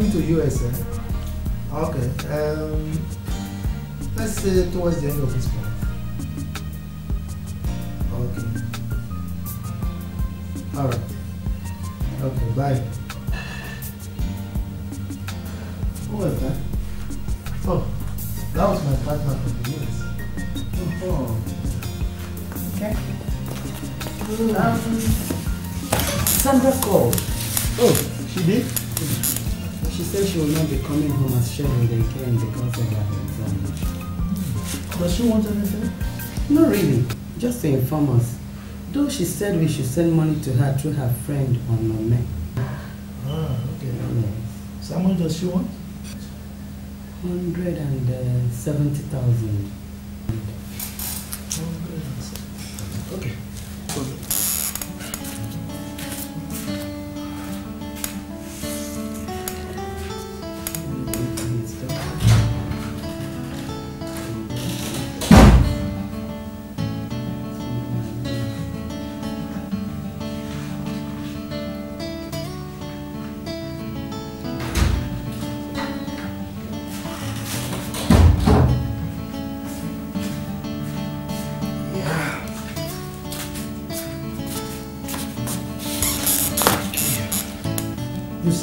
coming to US, eh? Okay. Um, let's say towards the end of this month. Okay. All right. Okay. Bye. Who was that? Oh, that was my partner from the US. Oh. Okay. Um, Sandra called. Oh, she did? Mm. She said she will not be coming home as scheduled again because of her exam. Does she want anything? Not really. Just to inform us. Though she said we should send money to her through her friend on Nome. Ah, okay. Yes. So how much does she want? 170,000. Uh,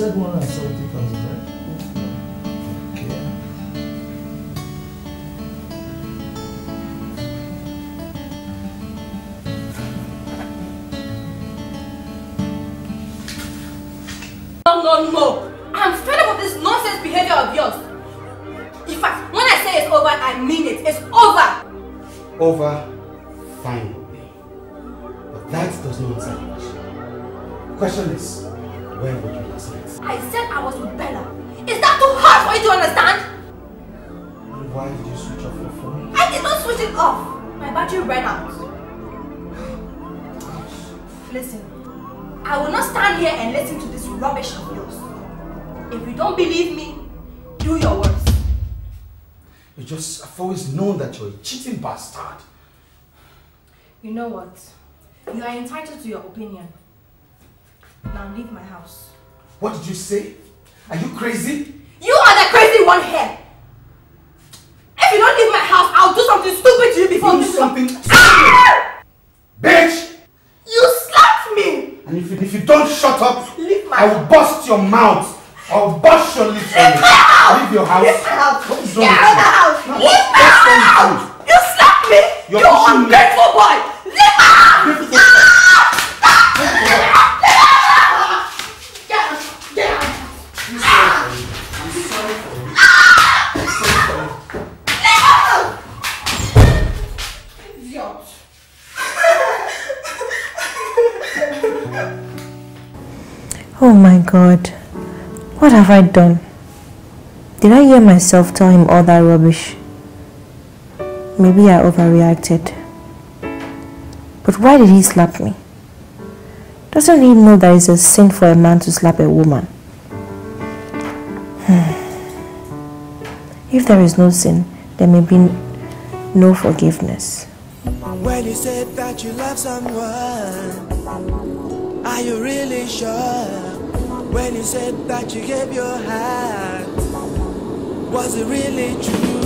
said one, I said you're a cheating bastard. You know what? You are entitled to your opinion. Now leave my house. What did you say? Are you crazy? You are the crazy one here! If you don't leave my house, I'll do something stupid to you before you do something stupid! Ah! Bitch! You slapped me! And if you, if you don't shut up, leave my I will house. bust your mouth! I'll bash your lips on you. Leave your house. Leave my house. Get out of the house. Leave my house. You, you me. you ungrateful boy. Leave my house. Oh my God. What have I done? Did I hear myself tell him all that rubbish? Maybe I overreacted. But why did he slap me? Doesn't he know that it's a sin for a man to slap a woman? Hmm. If there is no sin, there may be no forgiveness. When you said that you love someone, are you really sure? when you said that you gave your heart? Was it really true?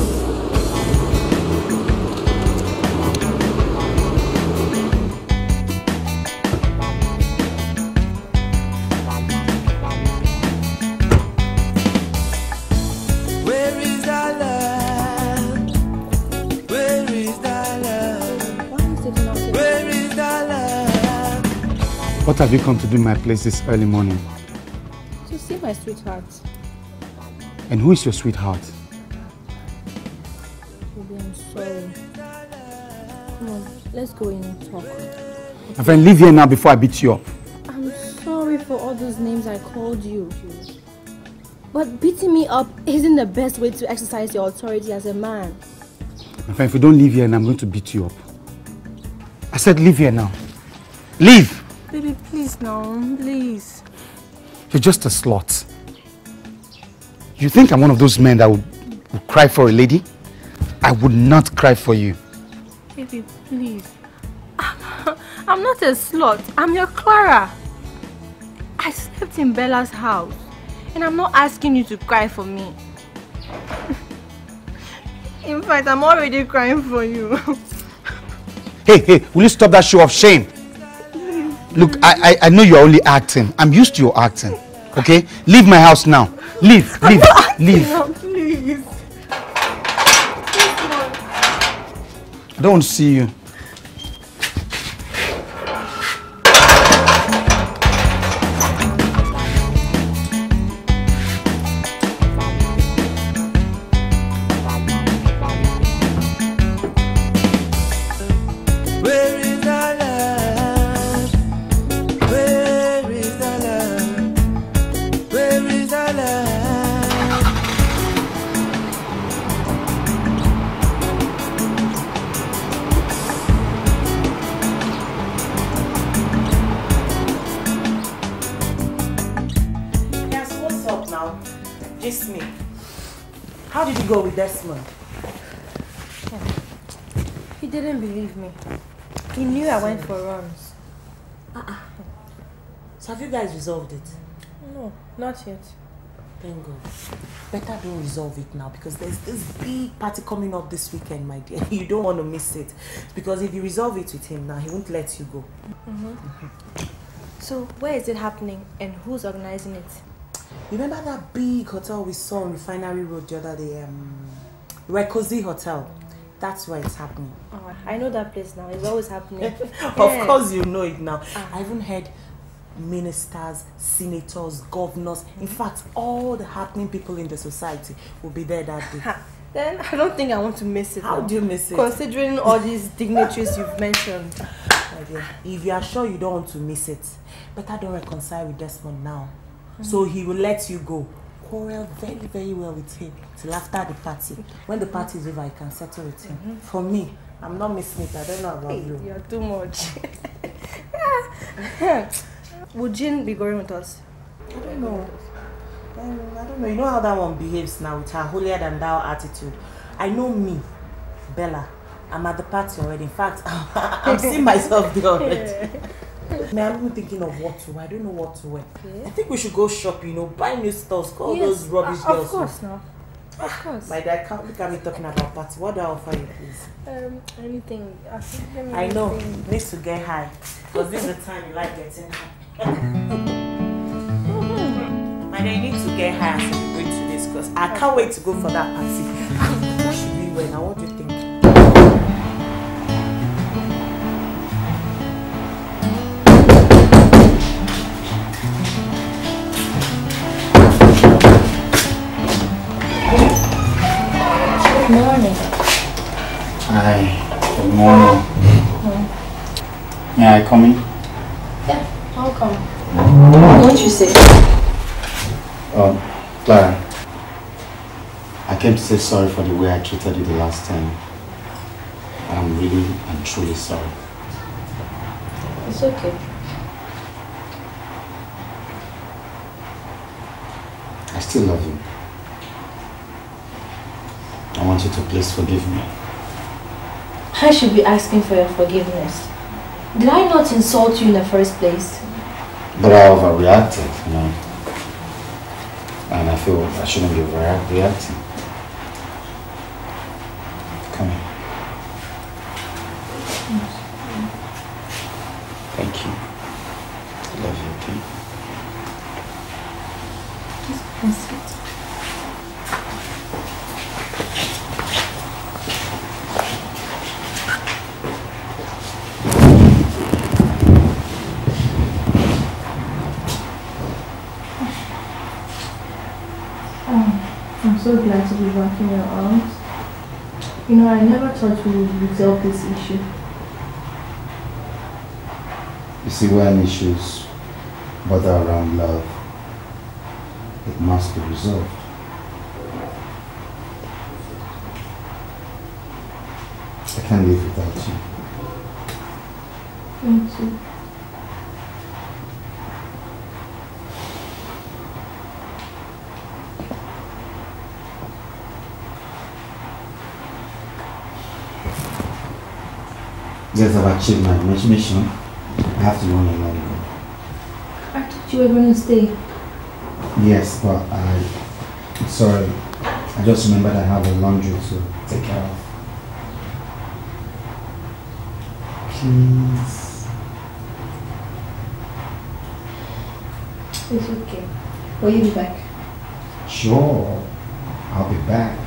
What have you come to do in my place this early morning? my sweetheart. And who is your sweetheart? I'm sorry. Come on, let's go in and talk. My friend, leave here now before I beat you up. I'm sorry for all those names I called you. But beating me up isn't the best way to exercise your authority as a man. My friend, if you don't leave here, and I'm going to beat you up. I said leave here now. Leave! Baby, please now, please. You're just a slut. You think I'm one of those men that would, would cry for a lady? I would not cry for you. Baby, please. I'm not a slut. I'm your Clara. I slept in Bella's house. And I'm not asking you to cry for me. in fact, I'm already crying for you. hey, hey, will you stop that show of shame? Look, I, I, I know you're only acting. I'm used to your acting. Okay? Leave my house now. Leave, leave, leave. No, please. please. I don't see you. I went for runs. Uh-uh. So have you guys resolved it? No, not yet. Thank God. Better don't resolve it now because there's this big party coming up this weekend, my dear. You don't want to miss it. Because if you resolve it with him now, he won't let you go. Mm -hmm. So where is it happening and who's organizing it? Remember that big hotel we saw on Refinery Road the other day? Um, Rekosi Hotel. That's why it's happening. Oh, I know that place now. It's always happening. of yeah. course, you know it now. Ah. I even heard ministers, senators, governors, in mm-hmm. fact, all the happening people in the society will be there that day. then I don't think I want to miss it. How now. do you miss it? Considering all these dignitaries you've mentioned. If you are sure you don't want to miss it, better don't reconcile with Desmond now. Mm -hmm. So he will let you go quarrel very, very well with him till after the party. When the party is over, I can settle with him. Mm-hmm. For me, I'm not missing it. I don't know about hey, you. You're too much. Would Jean be going with us? I don't know. Um, I don't know. You know how that one behaves now with her holier than thou attitude. I know me, Bella. I'm at the party already. In fact, I'm seeing myself there already. May I'm even thinking of what to wear. I don't know what to wear. Okay. I think we should go shopping, you know, buy new stuff, call yes. those rubbish uh, girls. Of course, no. Of course. My dad can't look at me talking about party. What do I offer you, please? Um, anything. I, I know. Needs to get high. Because this is the time you like getting high. Mm-hmm. and I need to get high as we go to this because I can't wait to go for that party. what should we wear? Now, what do you think? Hi, good morning. Yeah, May I come in? Yeah, I'll come. Mm. What you say? Um, Clara, I came to say sorry for the way I treated you the last time. I'm really and truly sorry. It's okay. I still love you. I want you to please forgive me. I should be asking for your forgiveness. Did I not insult you in the first place? But I overreacted, you know. And I feel I shouldn't be overreacting. to resolve this issue? You see, when issues bother around love, it must be resolved. I can't live without you. Thank you. Yes, I've achieved my mission. I have to go on a long I thought you were going to stay. Yes, but I... Sorry. I just remembered I have a laundry to take care of. Please. It's okay. Will you be back? Sure. I'll be back.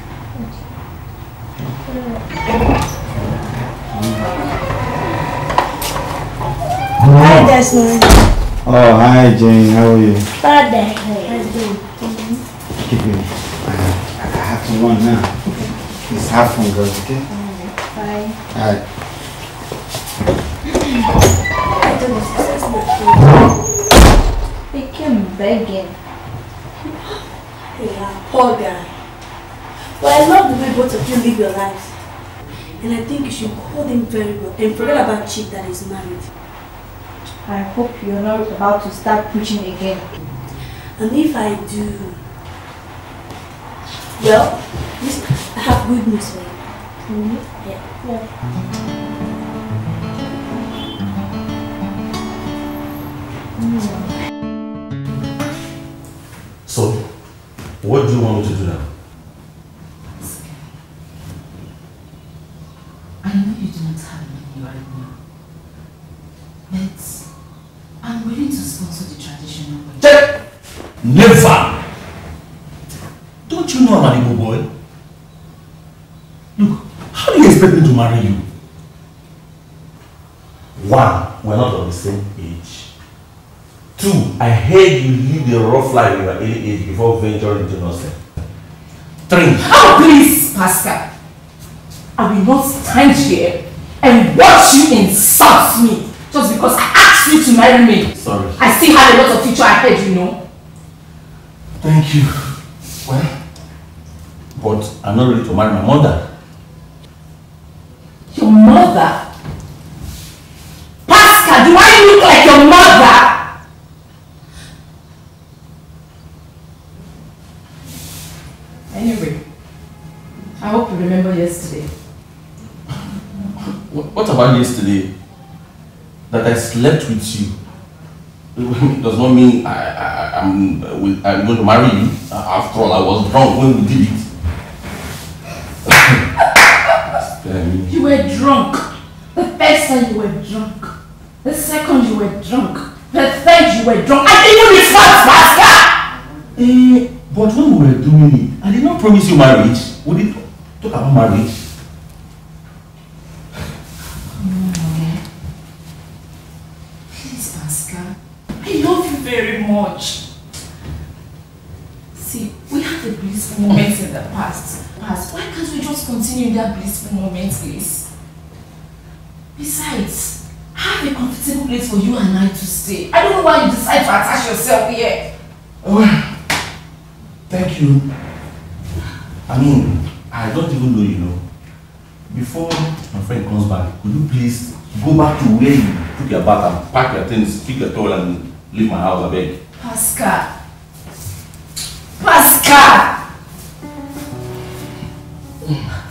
Yes, Oh, hi, Jane. How are you? Bad day. Keep it. I have to run now. Okay. It's half one, girls, okay? Alright. Alright. I don't know He came begging. Yeah, poor guy. But I love the way both of you live your lives. And I think you should hold him very well and forget about Chick that is married. I hope you're not about to start preaching again. And if I do, well, this, I have good news for you. Mm -hmm. Yeah. yeah. Mm. So, what do you want me to do now? Never. Don't you know I'm an evil boy? Look, how do you expect me to marry you? One, we're not on the same age. Two, I heard you live the rough life in your age before venturing into nursing. Three. Oh, please, Pascal? I will not stand here and watch you insult me just because I asked you to marry me. Sorry. I still have a lot of future ahead, you know. Thank you. Well, but I'm not ready to marry my mother. Your mother? Pascal, do I look like your mother? Anyway, I hope you remember yesterday. What about yesterday? That I slept with you? does not mean I, I, I'm, with, I'm going to marry you. After all, I was drunk when we did it. you were drunk. The first time you were drunk. The second you were drunk. The third you were drunk. I didn't even fast, master! Eh, but when we were doing it, I did not promise you marriage. We did talk about marriage. I love you very much. See, we had a blissful moment in the past. past. Why can't we just continue that blissful moment, please? Besides, I have a comfortable place for you and I to stay. I don't know why you decide to attach yourself here. Well, thank you. I mean, I don't even know you know. Before my friend comes back, could you please go back to where you took your bath and pack your things, pick your towel and Leave my house, I beg. Pascal. Pascal! Mm.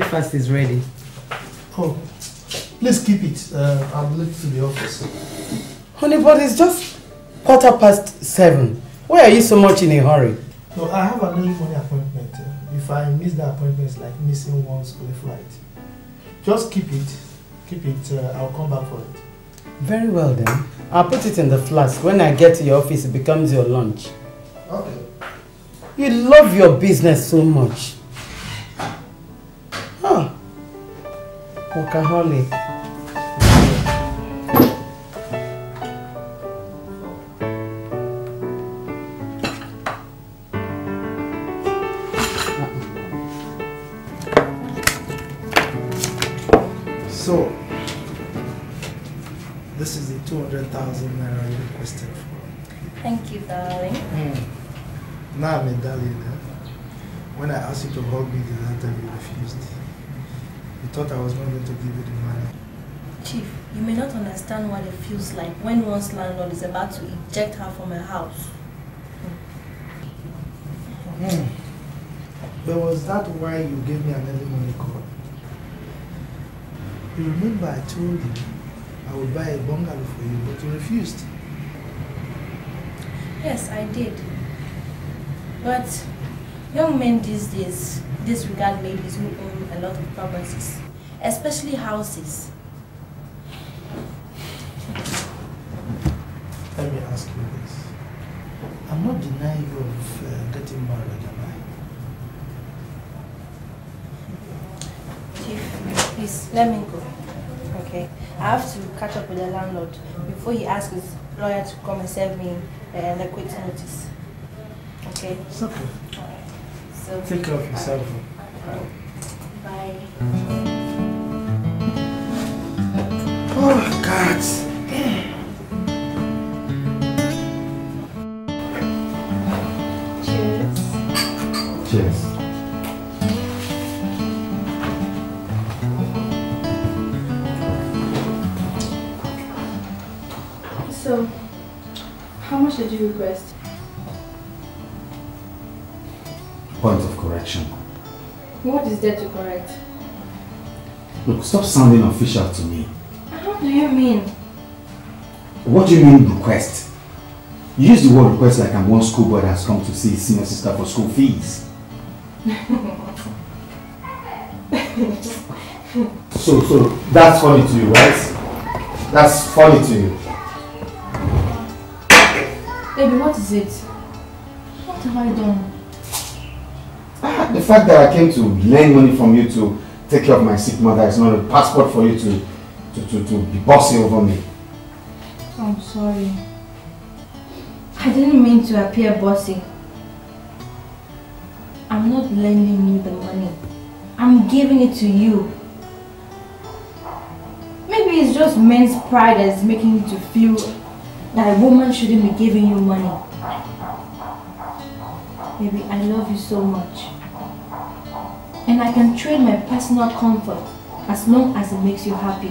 breakfast is ready. Oh, please keep it. Uh, I'm late to the office. Honey, but it's just quarter past seven. Why are you so much in a hurry? No, I have an early morning appointment. Uh, if I miss that appointment, it's like missing one's school flight. Just keep it. Keep it. Uh, I'll come back for it. Very well then. I'll put it in the flask. When I get to your office, it becomes your lunch. Okay. You love your business so much. Holly. So, this is the 200,000 naira you requested for. Thank you, darling. Mm. Now I'm a darling, eh? When I asked you to hug me the other time, you refused thought I was not going to give you the money. Chief, you may not understand what it feels like when one's landlord is about to eject her from her house. Hmm. But was that why you gave me an early money call? You remember I told you I would buy a bungalow for you, but you refused. Yes, I did. But young men these days disregard ladies who own a lot of properties especially houses. Let me ask you this. I'm not denying you of uh, getting married, am I? Chief, please, let me go. Okay. I have to catch up with the landlord before he asks his lawyer to come and serve me uh, an uh, quit notice. Okay? It's okay. Right. So, Take care of yourself. Bye. Bye. Oh, God. Cheers. Cheers. So, how much did you request? Point of correction. What is there to correct? Look, stop sounding official to me. What do you mean? What do you mean request? You use the word request like I'm one schoolboy that has come to see his senior sister for school fees. so, so, that's funny to you, right? That's funny to you. Baby, what is it? What have I done? Ah, the fact that I came to lend money from you to take care of my sick mother is not a passport for you to to, to, to be bossy over me. I'm sorry. I didn't mean to appear bossy. I'm not lending you the money. I'm giving it to you. Maybe it's just men's pride that's making you to feel that a woman shouldn't be giving you money. Baby, I love you so much. And I can trade my personal comfort as long as it makes you happy.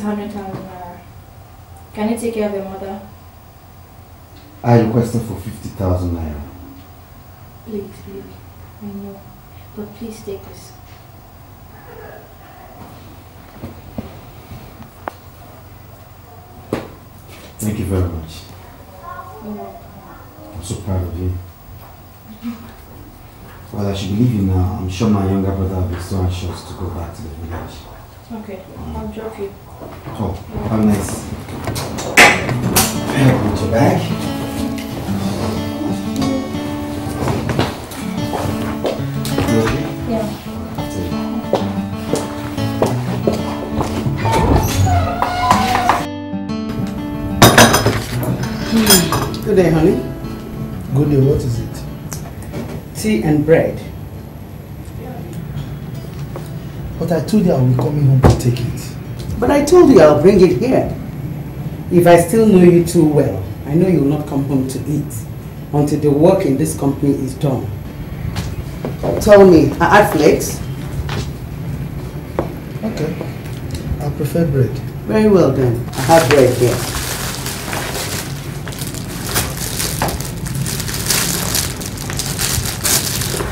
is naira. Can you take care of your mother? I requested for fifty thousand naira. Please, please. I know. But please take this. Thank you very much. I'm so proud of you. Well, I should believe you now. I'm sure my younger brother will be so anxious to go back to the village. Okay, I'll drop you. Oh, how nice. Help with your bag. You Yeah. Good day, honey. Good day, what is it? Tea and bread. But I told you I'll be coming home to take it. But I told you I'll bring it here. If I still know you too well, I know you will not come home to eat until the work in this company is done. Tell me, are I flakes? Okay. I prefer bread. Very well then. I have bread here.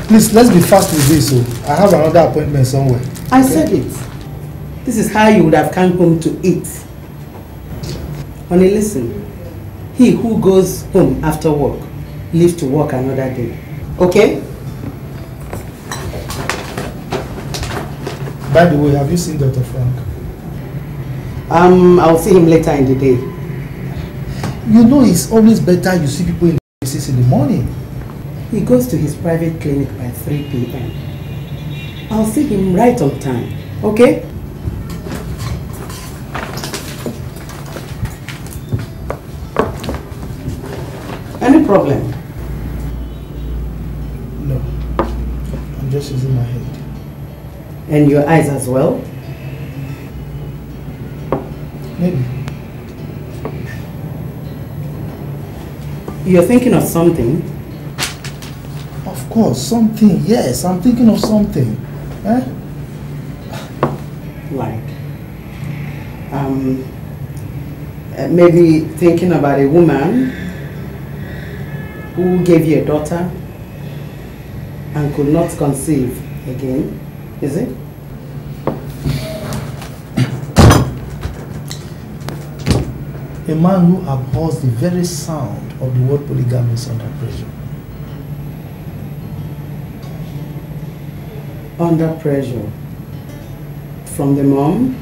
Please, let's be fast with this. So oh. I have another appointment somewhere. I said it. This is how you would have come home to eat. Honey, listen. He who goes home after work, leave to work another day. Okay? By the way, have you seen Dr. Frank? Um, I'll see him later in the day. You know it's always better you see people in the in the morning. He goes to his private clinic by 3 p.m. I'll see him right on time, okay? Any problem? No. I'm just using my head. And your eyes as well? Maybe. You're thinking of something? Of course, something, yes. I'm thinking of something huh? like um, uh, maybe thinking about a woman who gave you a daughter and could not conceive again, is it? A man who abhors the very sound of the word polygamy is under pressure. under pressure from the mom.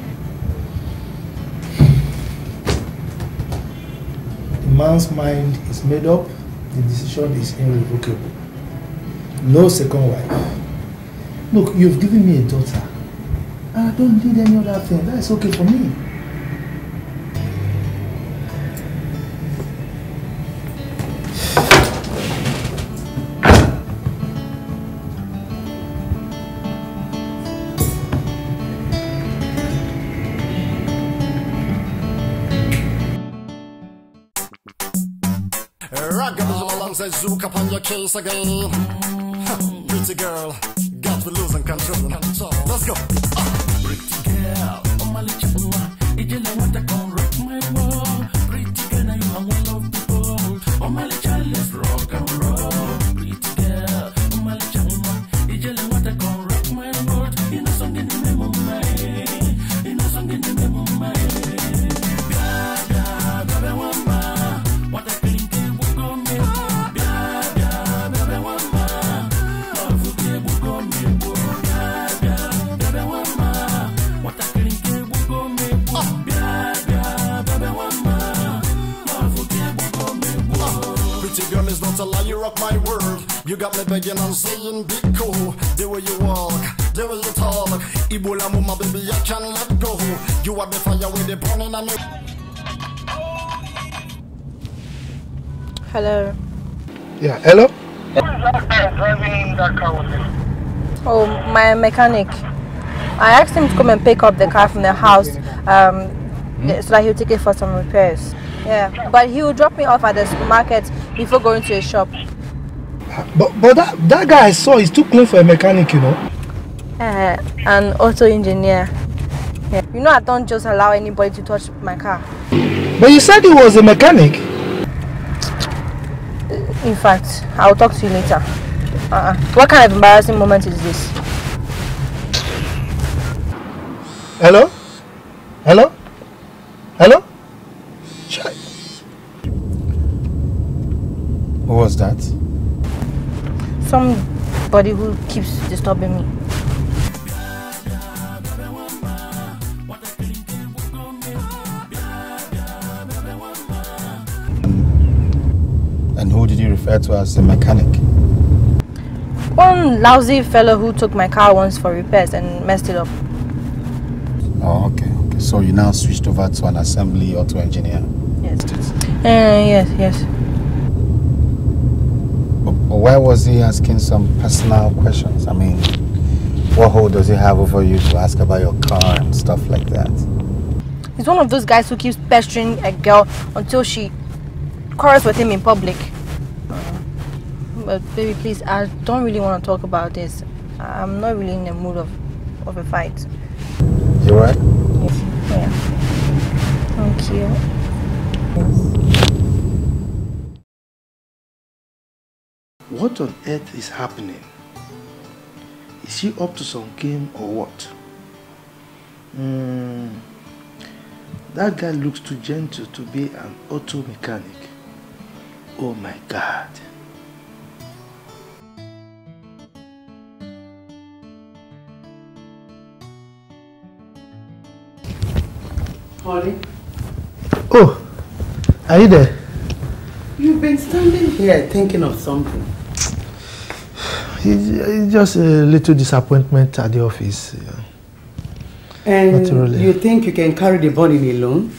The man's mind is made up, the decision is irrevocable. No second wife. Look, you've given me a daughter, and I don't need any other thing. That's okay for me. Zook up on your case again. pretty girl, got me losing control. control. Let's go. Uh. begging and saying be cool. The way you walk, the way you talk. Ebola mama baby, I can't let go. You are the fire with the burning and Hello. Yeah, hello? Oh, my mechanic. I asked him to come and pick up the car from the house um, mm. so that he'll take it for some repairs. Yeah, but he will drop me off at the supermarket before going to a shop. But, but that, that guy I saw is too clean for a mechanic, you know. Uh, an auto engineer. Yeah. You know I don't just allow anybody to touch my car. But you said he was a mechanic. In fact, I'll talk to you later. Uh -uh. What kind of embarrassing moment is this? Hello? Hello? Hello? What was that? somebody who keeps disturbing me. And who did you refer to as a mechanic? One lousy fellow who took my car once for repairs and messed it up. Oh, okay, okay. So you now switched over to an assembly auto engineer? Yes. Uh, yes, yes why was he asking some personal questions? I mean, what hold does he have over you to ask about your car and stuff like that? He's one of those guys who keeps pestering a girl until she quarrels with him in public. But baby, please, I don't really want to talk about this. I'm not really in the mood of, of a fight. You alright? Yes. Yeah. Thank you. Yes. What on earth is happening? Is she up to some game or what? Mm, that guy looks too gentle to be an auto mechanic. Oh my God. Holly? Oh, are you there? You've been standing here thinking of something. It's just a little disappointment at the office. Yeah. And really. you think you can carry the burden alone?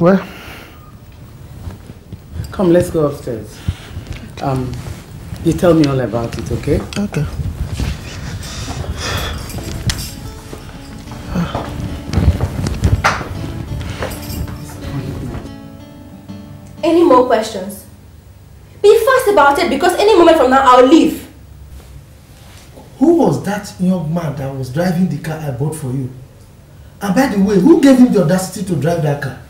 Well. Come, let's go upstairs. Um, you tell me all about it, okay? Okay. Any more questions? fast about it because any moment from now I'll leave. Who was that young man that was driving the car I bought for you? And by the way, who gave him the audacity to drive that car?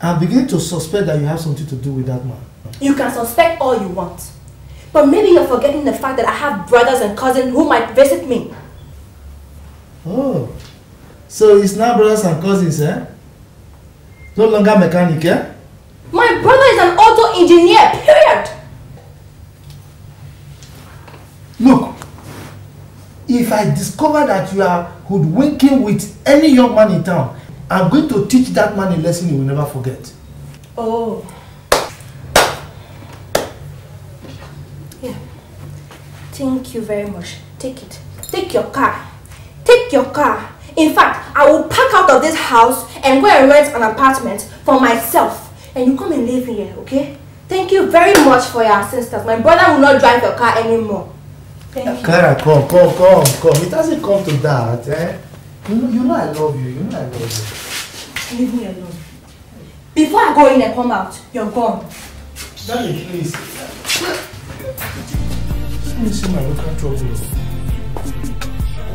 I'm beginning to suspect that you have something to do with that man. You can suspect all you want. But maybe you're forgetting the fact that I have brothers and cousins who might visit me. Oh. So it's now brothers and cousins, eh? No longer mechanic, eh? My brother is an auto engineer, period. Look, if I discover that you are hoodwinking with any young man in town, I'm going to teach that man a lesson he will never forget. Oh. Yeah. Thank you very much. Take it. Take your car. Take your car. In fact, I will pack out of this house and go and rent an apartment for myself. and you come and live here, okay? Thank you very much for your assistance. My brother will not drive your car anymore. Thank you. Clara, come, come, come, come. It doesn't come to that, eh? You know, you know I love you. You know I love you. Leave me alone. Before I go in and come out, you're gone. Daddy, please. Let me see my local trouble.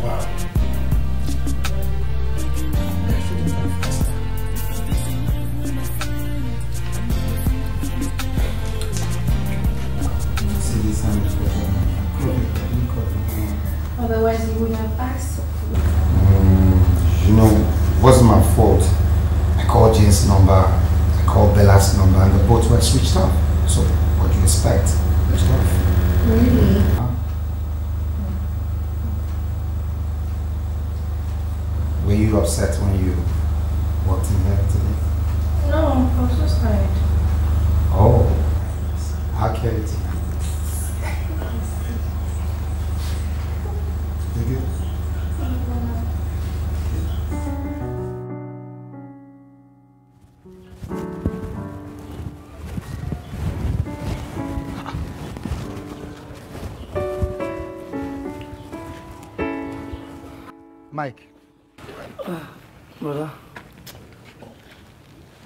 Wow. this for them. Otherwise, you would not have asked. Mm, you know, wasn't my fault. I called Jane's number, I called Bella's number, and the both were switched off. So, what do you expect? Switched off. Really? Were you upset when you walked in here today? No, I was just tired. Oh, how can Thank you. Mike. Uh, brother.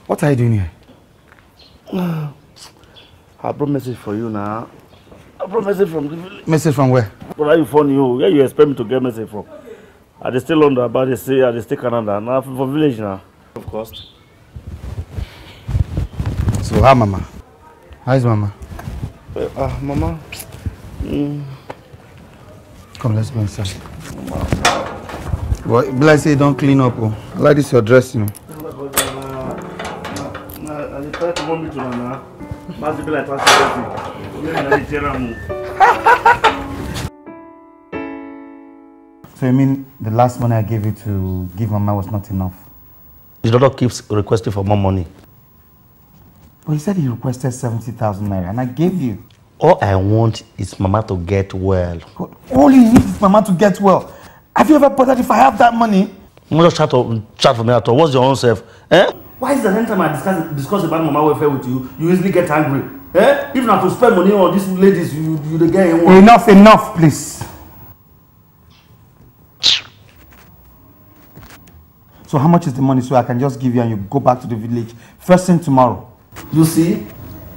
What are you doing here? Uh, I brought message for you now. Message from the village. Message from where? Brother, you phone you. Where you expect me to get message from? I dey stay London, but they say I dey stay Canada. Now from village now. Of course. So how mama? How is mama? Uh, uh mama. Mm. Come, let's go inside. Mama. Well, bless say don't clean up. Oh. I like this your dress, you know. I try to warm me to now. Multiply transparency. You know the So you mean the last money I gave you to give Mama was not enough? His daughter keeps requesting for more money. But he said he requested 70,000 naira and I gave you. All I want is Mama to get well. all you need is Mama to get well. Have you ever bothered if I have that money? I'm just chat, chat for me at all. What's your own self? Eh? why is the next time I discuss discuss about mama welfare with you you easily get angry eh if na to spend money on these ladies you you dey get in enough enough please. So how much is the money so I can just give you and you go back to the village first thing tomorrow? You see?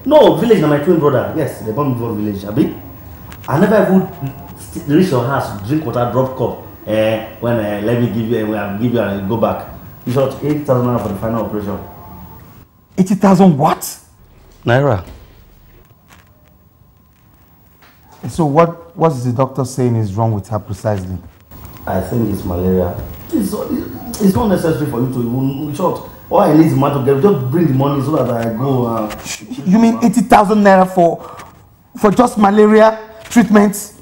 No, village na my twin brother. Yes, they born for village, abi. I never even reach your house, drink water, drop cup. Eh, when uh, let me give you, uh, give you and uh, go back. George, 80,000 naira for the final operation. 80,000 what? Naira. So what, what is the doctor saying is wrong with her precisely? I think it's malaria. It's, it's not necessary for you to even short. All I need is money get. Just bring the money so that I go. Uh, you mean 80,000 naira for, for just malaria treatment?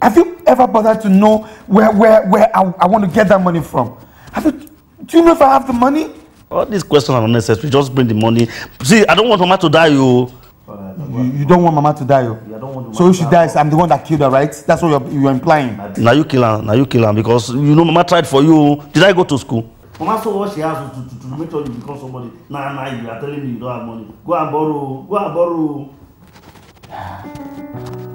Have you ever bothered to know where, where, where I, I want to get that money from? Have you Do you know if I have the money? All these questions are unnecessary. Just bring the money. See, I don't want Mama to die, yo. Oh. You, you don't want Mama to die, oh. yo. I don't want so if she dies, I'm the one that killed her, right? That's what you're, you're implying. Now you kill her. Now you kill her because you know Mama tried for you. Oh. Did I go to school? Mama saw what she has to, to, to make sure you become somebody. Nah, nah, you are telling me you don't have money. Go and borrow. Go and borrow.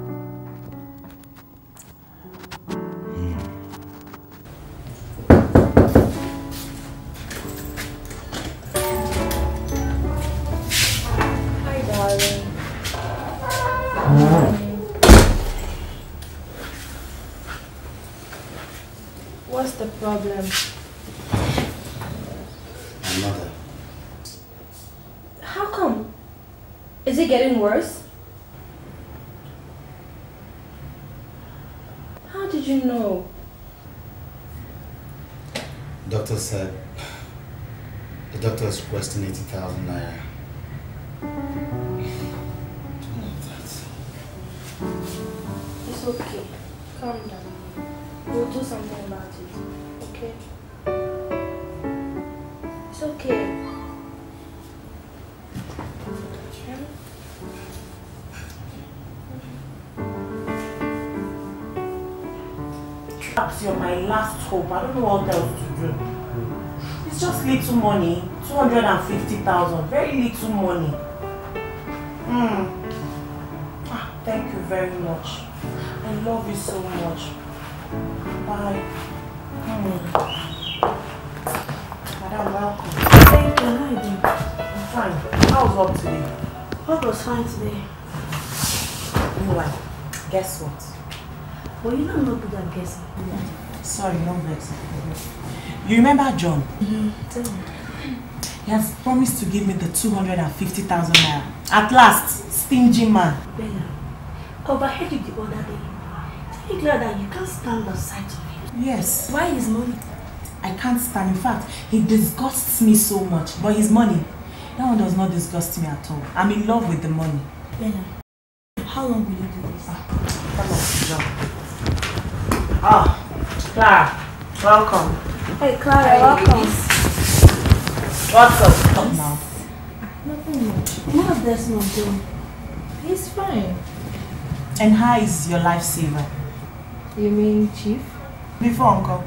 darling. What's the problem? My mother. How come? Is it getting worse? How did you know? Doctor said the doctor is requesting 80,000 naira. It's okay. Calm down. We'll do something about it. Okay? It's okay. Perhaps you're my last hope. I don't know what else to do. It's just little money, 250,000, very little money. Mm. Ah, thank you very much. I love you so much. Bye. Mm. Madam, welcome. Thank you. How are you I'm fine. How was work today? Work was fine today. Meanwhile, anyway, guess what? Well, you know I'm not good at guessing. Sorry, no vex. You remember John? Mm -hmm. Tell me. He has promised to give me the 250,000 naira. At last, stingy man. Bella, overheard you the other day. Tell you glad that you can't stand the sight of him. Yes. Why his money? I can't stand. In fact, he disgusts me so much. But his money, that one does not disgust me at all. I'm in love with the money. Bella, how long will you do this? Ah, oh, Clara, welcome. Hey, Clara, welcome. What's up? Now. Nothing much. What does not doing? He's fine. And how is your lifesaver? You mean Chief? Before Uncle.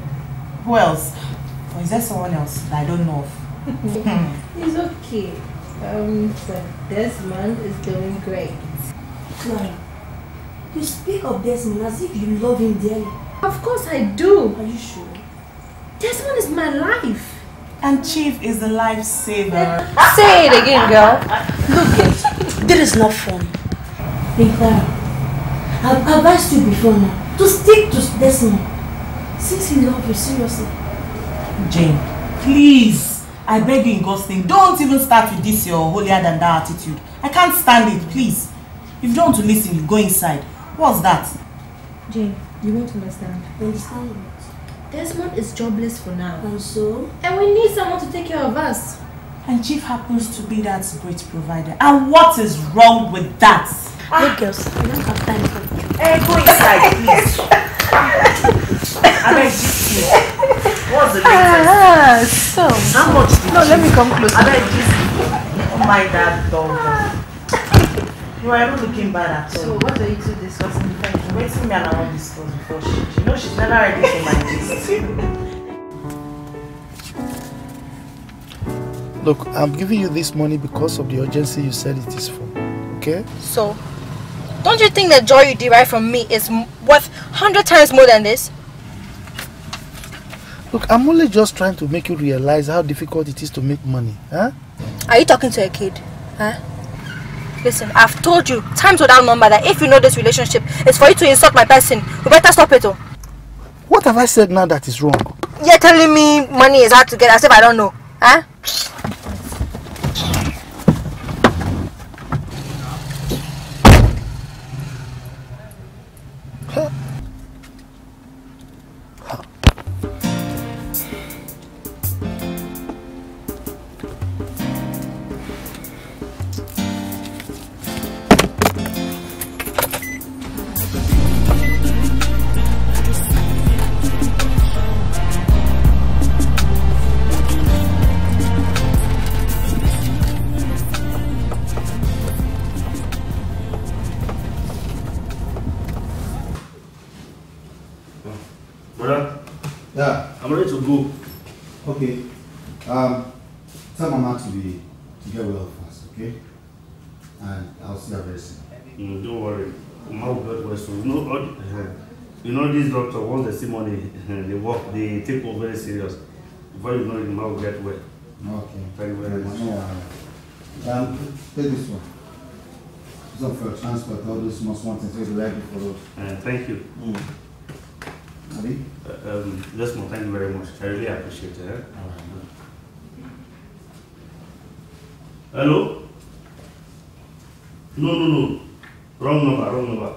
Who else? Or is there someone else that I don't know of? Hmm. it's okay. Um, so Desmond is doing great. Clara, you speak of Desmond as if you love him dearly. Of course I do. Are you sure? Desmond is my life. And Chief is a lifesaver. Say it again, girl. Look, this is not fun. Nicole, I've advised you before now to stick to Desmond. Since he loves you, seriously. Jane, please. I beg you in God's name, don't even start with this your holier than thou attitude. I can't stand it, please. If you don't want to listen, you go inside. What's that? Jane, you won't understand. understand? Desmond is jobless for now. And so? And we need someone to take care of us. And Chief happens to be that great provider. And what is wrong with that? Ah. Hey girls, I don't have time for you. Hey, eh, go inside, please. you, What's the ah, latest? Ah, so. How much? No, you? let me come closer. I you. Oh my God, dog. You are even looking bad at all. So what are you two discussing you wait till me and I want discuss before she you know she's never ready for my gist. Look, I'm giving you this money because of the urgency you said it is for. Okay? So don't you think the joy you derive from me is worth 100 times more than this? Look, I'm only just trying to make you realize how difficult it is to make money. Huh? Are you talking to a kid? Huh? Listen, I've told you times without number that if you know this relationship, it's for you to insult my person. You better stop it. Oh. What have I said now that is wrong? You're telling me money is hard to get as if I don't know. Huh? testimony, the work they take us very serious. Before you know it, now get well. Okay. Very well. Yeah. Um, take this one. So for transport, all those most wanting to be like for those. Uh, thank you. Mm. Uh, um, just more, thank you very much. I really appreciate it. Eh? Right. Hello? No, no, no. Wrong number, wrong number.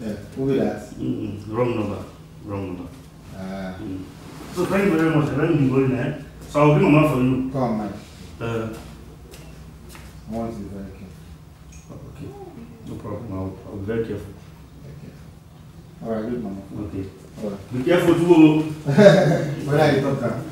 Yeah, who be that? Mm, wrong number. Wrong number. Ah. Mm. So thank you very much. Let me go in So I'll bring one for you. Come on, man. Uh, I want to be very careful. Okay. No problem. I'll, I'll be very careful. Very careful. All right, good, man. Okay. All right. Be careful, too. Whether you talk that.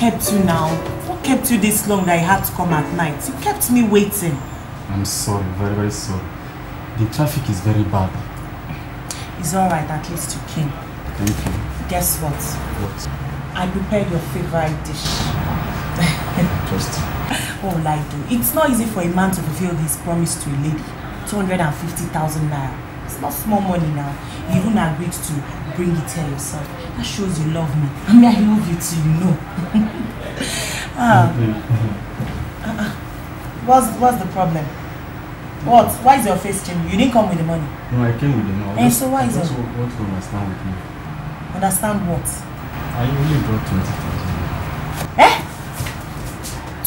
kept you now? What kept you this long that I had to come at night? You kept me waiting. I'm sorry, very, very sorry. The traffic is very bad. It's alright, at least you came. Thank you. Guess what? What? I prepared your favorite dish. Trust. will I do. It's not easy for a man to fulfill his promise to a lady. 250,000 naira. It's not small money now. You even agreed to bring it here yourself. That shows you love me. I mean, I love you too, you know. ah. uh-uh. What's, what's the problem? What? Why is your face changing? You didn't come with the money. No, I came with the money. And eh, so why is it? what, what to understand with me. Understand what? I only brought 20,000. Eh?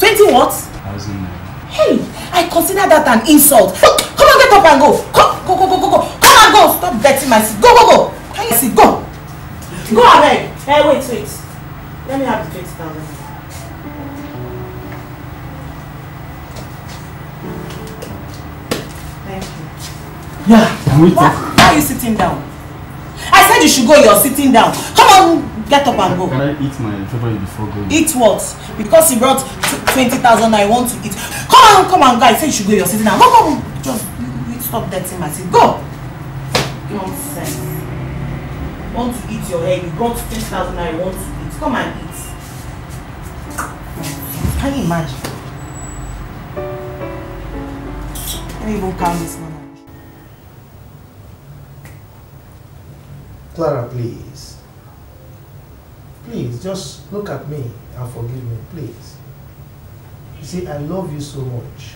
20 what? Thousand. Hey, I consider that an insult. Come on, get up and go. Come, go, go, go, go, go go stop betting my seat. Go, go, go. Can you see? Go. Go ahead. Eh, hey, wait, wait. Let me have the 20,000. Yeah, I'm waiting. Why, why are you sitting down? I said you should go, you're sitting down. Come on, get up and go. Can I eat my favorite before going? Eat what? Because he brought 20,000 I want to eat. Come on, come on, guys. I said you should go, you're sitting down. Go, go, go. just stop that my seat. go. Nonsense. Want to eat your egg? You got 10,000 I want to eat. Come and eat. Can you imagine? Can you even calm this man Clara, please. Please, just look at me and forgive me, please. You see, I love you so much.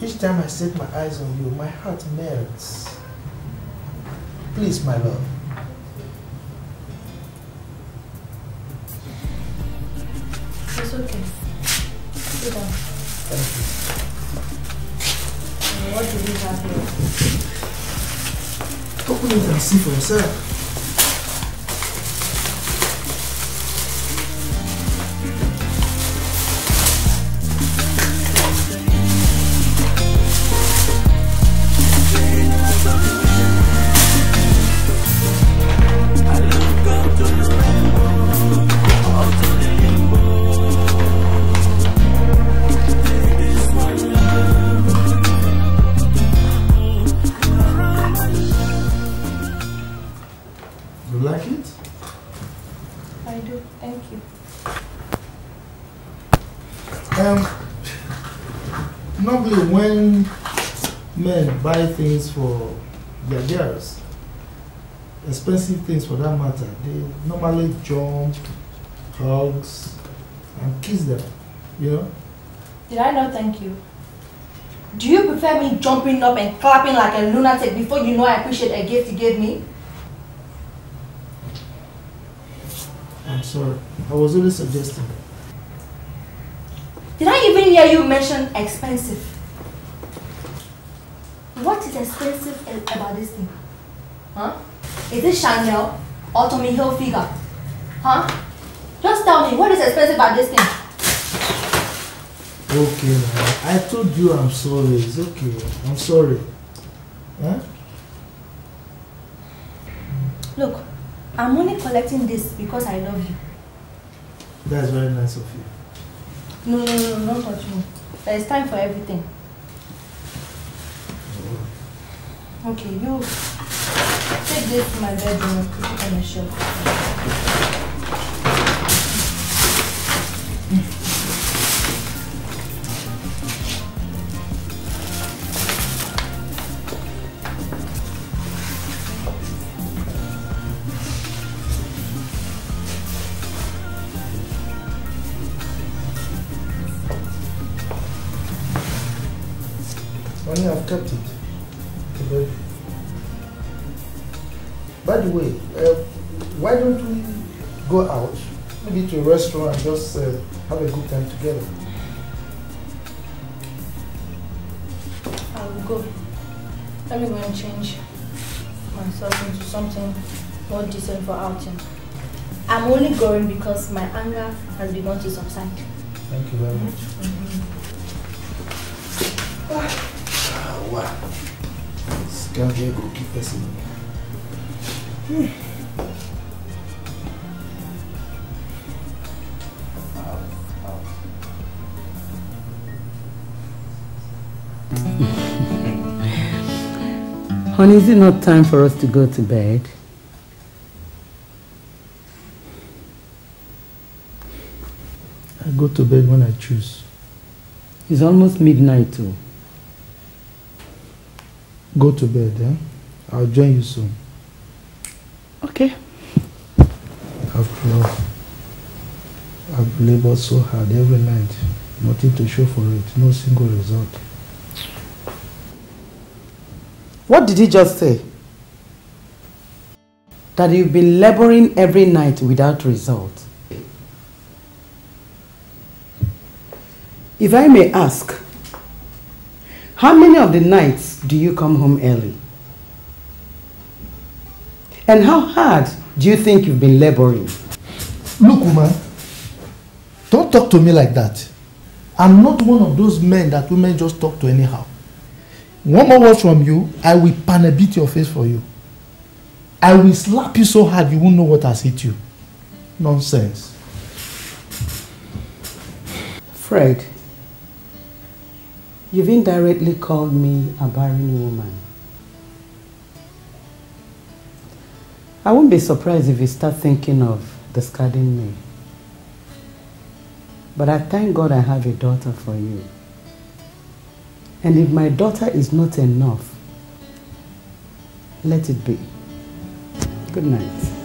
Each time I set my eyes on you, my heart melts. Please, my love. It's okay. Sit down. Thank you. What do we have here? Open it and see for yourself. buy things for their girls, expensive things for that matter. They normally jump, hugs, and kiss them, you know? Did I not thank you? Do you prefer me jumping up and clapping like a lunatic before you know I appreciate a gift you gave me? I'm sorry. I was only suggesting. Did I even hear you mention expensive? What is expensive about this thing? Huh? Is it Chanel or Tommy Hilfiger? Huh? Just tell me, what is expensive about this thing? Okay, man. I told you I'm sorry. It's okay. I'm sorry. Huh? Look, I'm only collecting this because I love you. That's very nice of you. No, no, no, no, not touch me. There is time for everything. Okay, you take this to my bedroom and put it on the shelf. Anyway, uh, why don't we go out, maybe to a restaurant and just uh, have a good time together? I'll go. Let me go and change myself into something more decent for outing. I'm only going because my anger has begun to subside. Thank you very much. Mm -hmm. ah, wow. This can be a good person. Honey, is it not time for us to go to bed? I go to bed when I choose. It's almost midnight too. Go to bed, eh? I'll join you soon. Okay. I've, I've labored so hard every night. Nothing to show for it. No single result. What did he just say? That you've been laboring every night without result. If I may ask, how many of the nights do you come home early? And how hard do you think you've been laboring? Look, woman, don't talk to me like that. I'm not one of those men that women just talk to anyhow. One more word from you, I will pan a bit your face for you. I will slap you so hard you won't know what has hit you. Nonsense. Fred, you've indirectly called me a barren woman. I won't be surprised if you start thinking of discarding me. But I thank God I have a daughter for you. And if my daughter is not enough, let it be. Good night.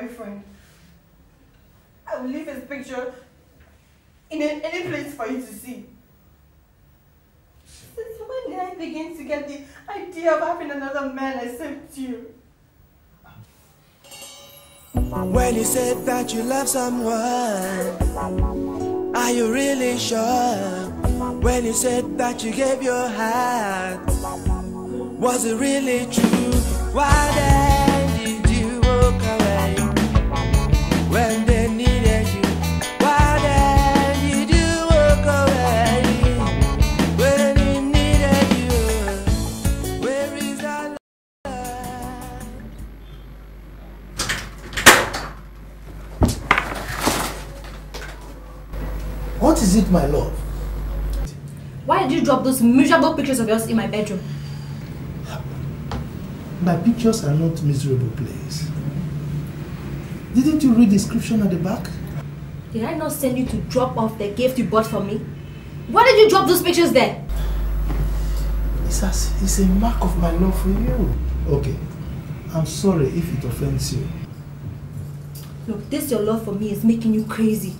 boyfriend. I will leave his picture in an, any place for you to see. Since when did I begin to get the idea of having another man except you? When you said that you love someone, are you really sure? When you said that you gave your heart, was it really true? Why then? those miserable pictures of yours in my bedroom? My pictures are not miserable, please. Didn't you read the description at the back? Did I not send you to drop off the gift you bought for me? Why did you drop those pictures there? It's a, it's a mark of my love for you. Okay, I'm sorry if it offends you. Look, this your love for me is making you crazy.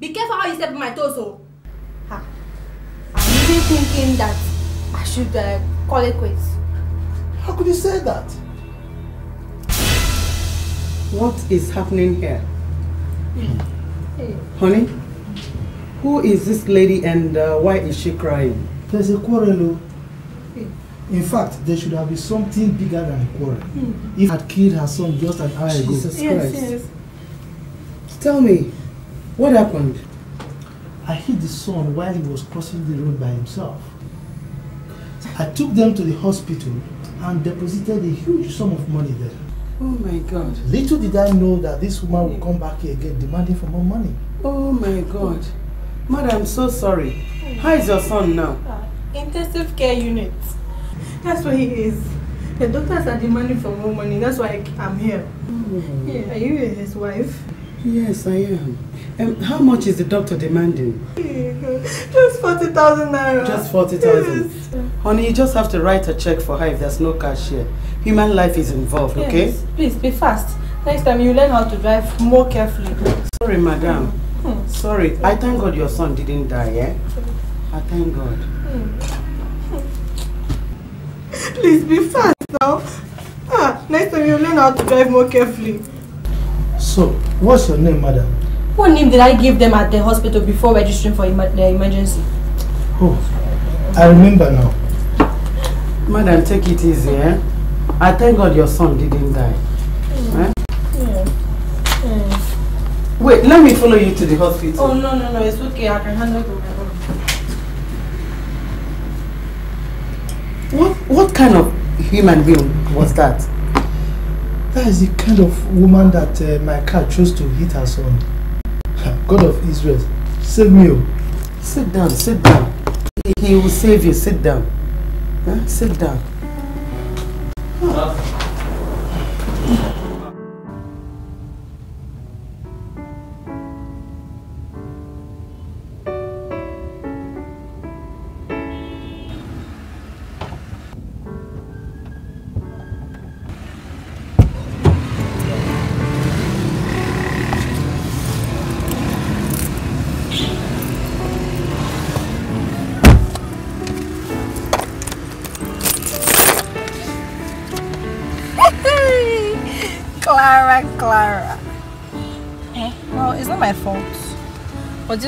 Be careful how you step on my toes, oh still thinking that I should uh, call it quits. How could you say that? What is happening here? Hey. Hmm. Honey, who is this lady and uh, why is she crying? There's a quarrel. Hey. Oh. Hmm. In fact, there should have been something bigger than a quarrel. Mm. If had killed her son just an hour ago. Jesus Christ. Yes, yes. Tell me, what happened? I hit the son while he was crossing the road by himself. I took them to the hospital and deposited a huge sum of money there. Oh my God. Little did I know that this woman would come back here again demanding for more money. Oh my God. Madam, I'm so sorry. How is your son now? Uh, intensive care unit. That's where he is. The doctors are demanding for more money. That's why I'm here. Mm. Yeah, are you his wife? Yes, I am. Um, how much is the doctor demanding? Just 40,000 naira. Just 40,000. Yes. Honey, you just have to write a check for her if there's no cash here. Human life is involved, yes. okay? Please, be fast. Next time you learn how to drive more carefully. Sorry, madam. Hmm. Sorry, I thank God your son didn't die, eh? I thank God. Hmm. Please, be fast now. Ah, next time you learn how to drive more carefully. So, what's your name, madam? What name did I give them at the hospital before registering for the emergency? Oh, I remember now. Madam, take it easy, eh? I thank God your son didn't die. Mm. Eh? Hmm. Hmm. Wait, let me follow you to the hospital. Oh, no, no, no, it's okay. I can handle it on my own. What, what kind of human being was that? That is the kind of woman that uh, my cat chose to hit her son. God of Israel, save me. Oh. Sit down, sit down. He will save you, sit down. Huh? Sit down.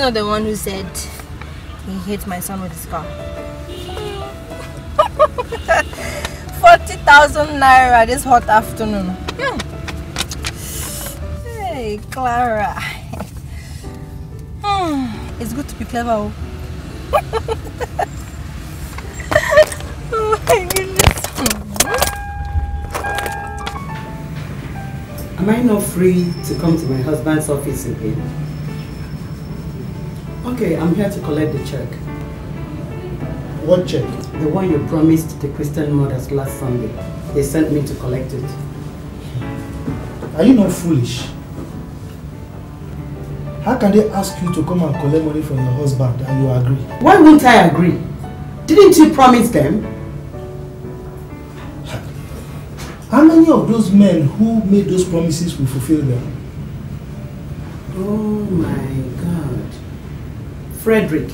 not the one who said he hit my son with his car. 40,000 naira this hot afternoon. Yeah. Hmm. Hey, Clara. Hmm. It's good to be clever. oh my goodness. Am I not free to come to my husband's office again? Okay, I'm here to collect the check. What check? The one you promised the Christian mothers last Sunday. They sent me to collect it. Are you not foolish? How can they ask you to come and collect money from your husband and you agree? Why won't I agree? Didn't you promise them? How many of those men who made those promises will fulfill them? Oh my Frederick,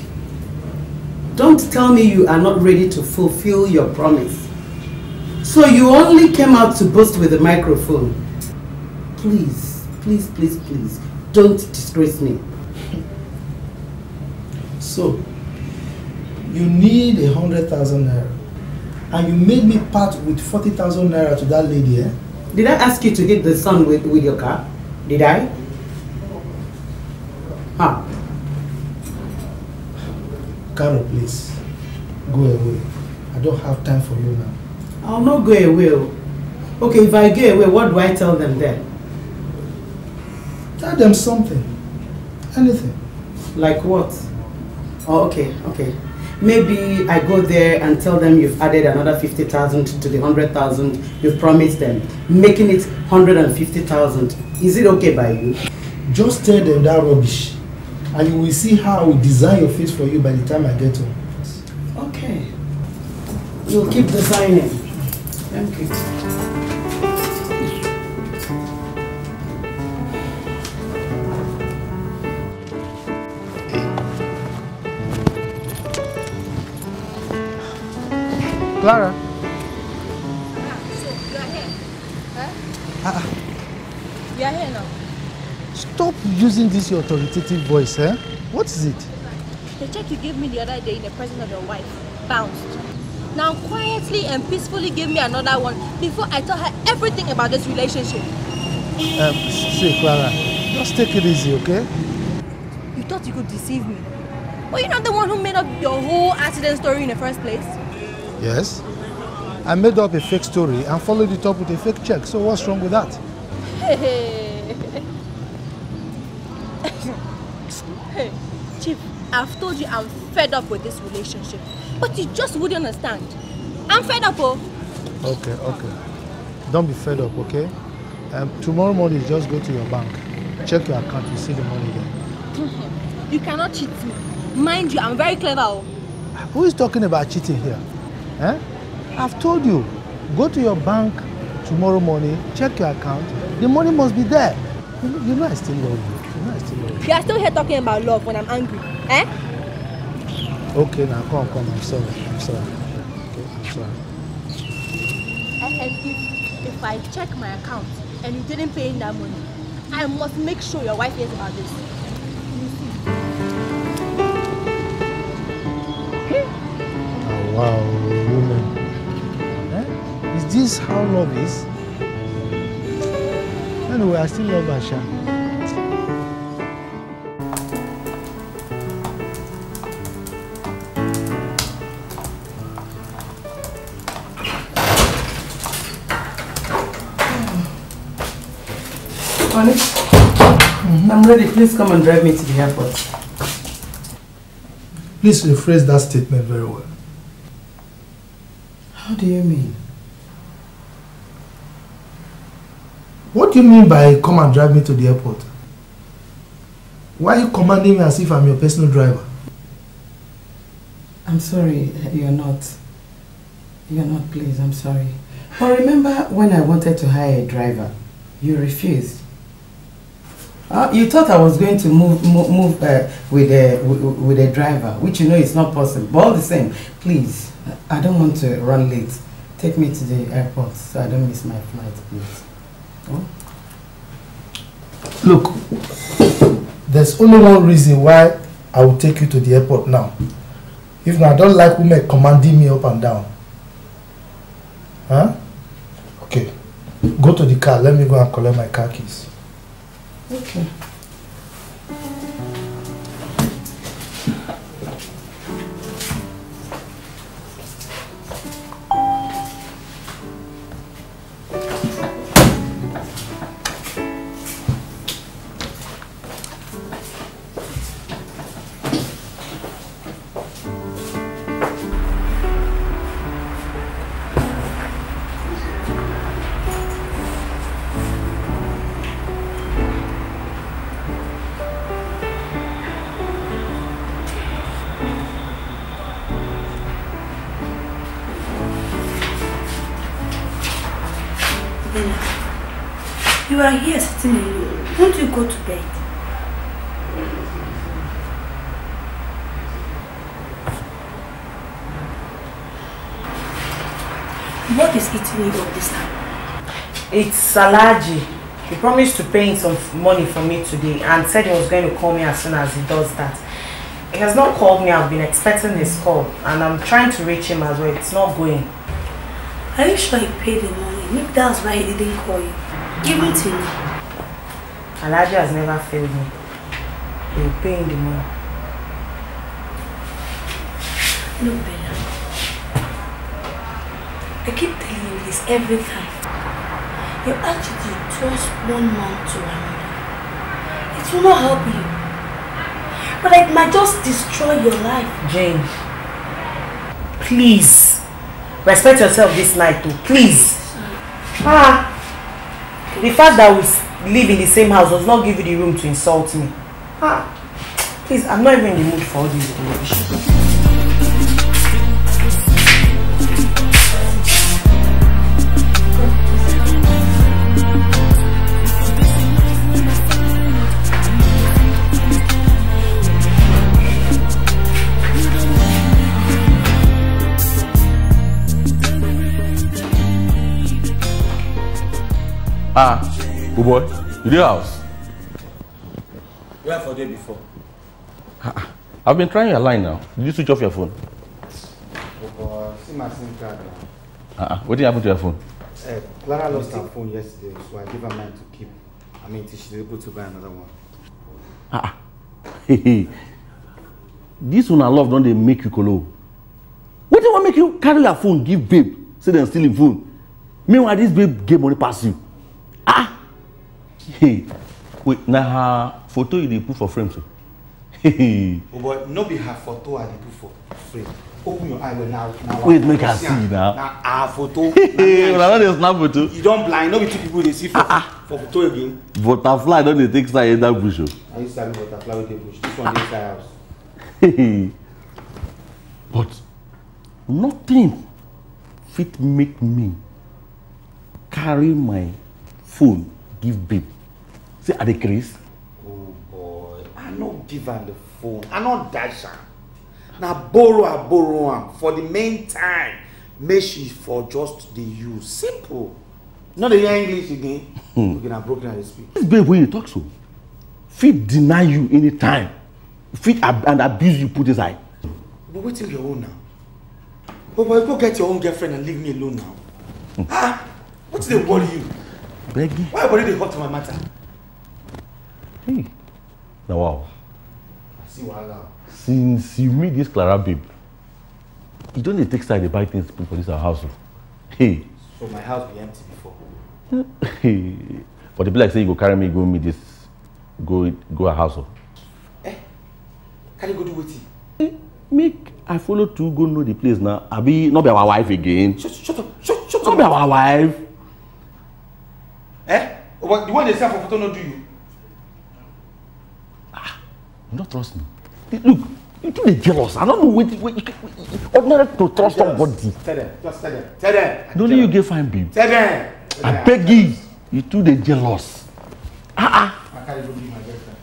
don't tell me you are not ready to fulfill your promise. So you only came out to boast with a microphone. Please, please, please, please, don't disgrace me. So, you need a hundred thousand naira. And you made me part with forty thousand naira to that lady, eh? Did I ask you to get the sun with, with your car? Did I? Carol, please, go away. I don't have time for you now. I'll not go away. Oh. Okay, if I go away, what do I tell them then? Tell them something. Anything. Like what? Oh, okay, okay. Maybe I go there and tell them you've added another 50,000 to the 100,000 you've promised them, making it 150,000. Is it okay by you? Just tell them that rubbish and you will see how I will design your face for you by the time I get home. Okay. You'll keep designing. Thank you. Clara. Stop using this authoritative voice, eh? What is it? The check you gave me the other day in the presence of your wife bounced. Now quietly and peacefully give me another one before I tell her everything about this relationship. Um, see, Clara, just take it easy, okay? You thought you could deceive me. Were you not the one who made up your whole accident story in the first place? Yes. I made up a fake story and followed it up with a fake check, so what's wrong with that? Hey. Chief, I've told you I'm fed up with this relationship. But you just wouldn't understand. I'm fed up, oh. Okay, okay. Don't be fed up, okay? Um, tomorrow morning, just go to your bank. Check your account, you see the money there. You cannot cheat me. Mind you, I'm very clever. Oh. Who is talking about cheating here? Eh? I've told you, go to your bank tomorrow morning, check your account. The money must be there. You know, you know I still love you. You are still here talking about love when I'm angry. Eh? Okay, now come, come. I'm sorry. I'm sorry. Okay, I'm sorry. And if, if I check my account and you didn't pay in that money, I must make sure your wife hears about this. Oh, wow, woman. Eh? Is this how love is? Anyway, I still love Asha. I'm ready. Please come and drive me to the airport. Please rephrase that statement very well. How do you mean? What do you mean by come and drive me to the airport? Why are you commanding me as if I'm your personal driver? I'm sorry, you're not. You're not, please, I'm sorry. But remember when I wanted to hire a driver, you refused. Uh, you thought I was going to move move, move uh, with a with a driver, which you know is not possible. But all the same, please, I don't want to run late. Take me to the airport so I don't miss my flight, please. Oh? Look, there's only one reason why I will take you to the airport now. If not, I don't like women commanding me up and down. Huh? Okay, go to the car. Let me go and collect my car keys. OK。a y Salaji, he promised to pay him some money for me today and said he was going to call me as soon as he does that. He has not called me. I've been expecting his call and I'm trying to reach him as well. It's not going. Are you sure he paid the money? Maybe that's why he didn't call you. Give it to me. Alaji has never failed me. He will pay him the money. Look, Bella. I keep telling you this every time. Your attitude towards one man to another, it will not help you. But it might just destroy your life. Jane, please, respect yourself this night too. Please. Sorry. Ah, the fact that we live in the same house does not give you the room to insult me. Ah, please, I'm not even in the mood for all these Ah, good boy, you dey house? Where for day before? Ah, ah, I've been trying your line now. Did you switch off your phone? Oh, boy, see my SIM card now. Ah, ah, what did happen to your phone? Uh, Clara lost her phone yesterday, so I gave her mine to keep. I mean, she's able to buy another one. Ah, ah. this one I love Don't they make you colo? kolo. Wetin wan make you carry your phone give babe say they're stealing phone? Meanwhile, this babe gave money past you ah hey na her photo you dey put for frame so hey oh boy, no be her photo i dey put for frame open your eye well now now wait make i see now na her photo hey una no dey snap photo you don't blind no be two people they see for ah, ah. for photo again butterfly don't dey take side enter bush o i use sabi butterfly with a bush this one is inside house hey but nothing fit make me carry my phone give babe say i dey craze. oh boy i no give am the phone i no dash am na borrow i borrow am for the main time make she for just the use simple Not the english again hmm. okay broken i dey speak. this babe wey you talk so fit deny you any time. fit ab and abuse you put inside. but wetin be your own now but oh, boy go get your own girlfriend and leave me alone now hmm. ah wetin dey worry you begging. Why would they come to my matter? Hey, now wow. I see now. Since you meet this Clara babe, you don't dey take side to buy things to put for this our house o. Oh. Hey. So my house be empty before. Hey, but the black say you go carry me go meet this go go her house oh. Eh? Can you go do wetin? Eh, make I follow to go know the place now. na be not be our wife again. Shut, shut up, shut, shut up. Not be our wife. Eh? what the one they say for photo no do you. Ah, you don't trust me. Look, you too dey jealous. I don't know what, what you, what, ordinary to trust somebody. Tell them, just tell them, tell them. Don't you get fine babe. Tell them. I beg you, you too dey jealous. Ah ah. I can't even be my girlfriend.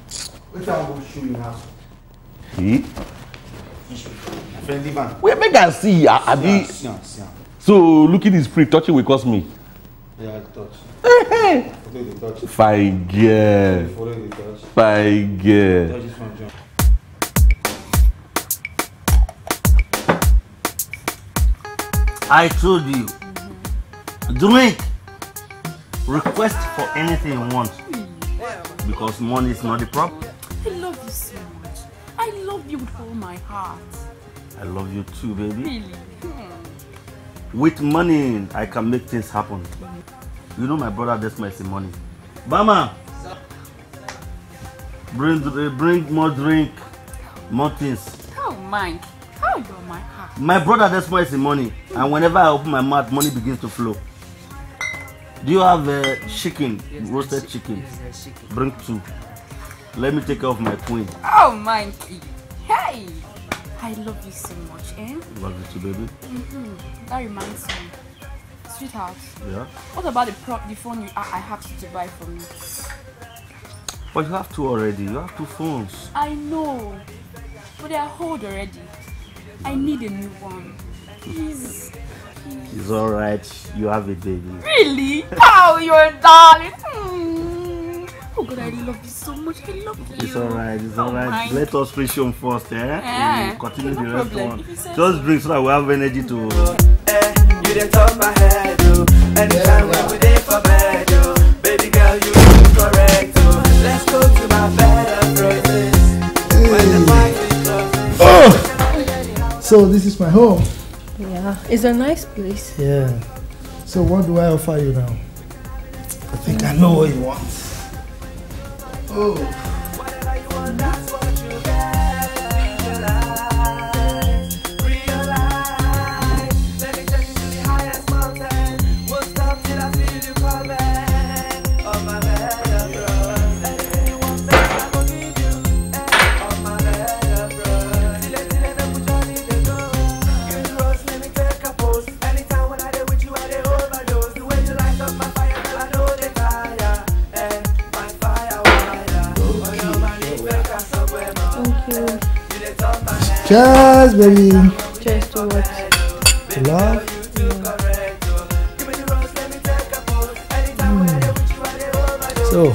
Wait I'm going to show you now. See? Eh? Friendly man. Wait, make I see. I, I be... So looking is free, touching will cost me. Yeah, touch. Faigue. Faigue. I told you. Do it. Request for anything you want. Because money is not the problem. I love you so much. I love you with all my heart. I love you too, baby. Really? Hmm. With money, I can make things happen. You know my brother that's my money. Bama! Bring, eh, bring more drink, more things. Oh, Mike. How you my heart? My brother that's my money. And whenever I open my mouth, money begins to flow. Do you have uh, chicken? Yes, roasted chicken. Yes, chicken. Bring two. Let me take off my queen. Oh, my Hey! I love you so much, eh? Love you too, baby. Mm -hmm. That reminds me sweetheart. Yeah. What about the pro the phone you, I, have to buy for me? But you have two already. You have two phones. I know, but they are old already. I need a new one. Please. It's all right. You have a baby. Really? oh, you're a darling. Mm. Oh God, I mm. love you so much. I love you. It's all right. It's oh all right. Let us finish him first, eh? Yeah. We'll continue no the rest problem. one. Just drink so that we have energy to you the top my head, oh. Anytime yeah, yeah. we day for bed, oh. Baby girl, you look correct, oh. Let's go to my bed of roses. When the fight is Oh! So this is my home. Yeah, it's a nice place. Yeah. So what do I offer you now? I think I know what you want. Oh. Cheers, baby. Cheers to what? To love. Hmm. So.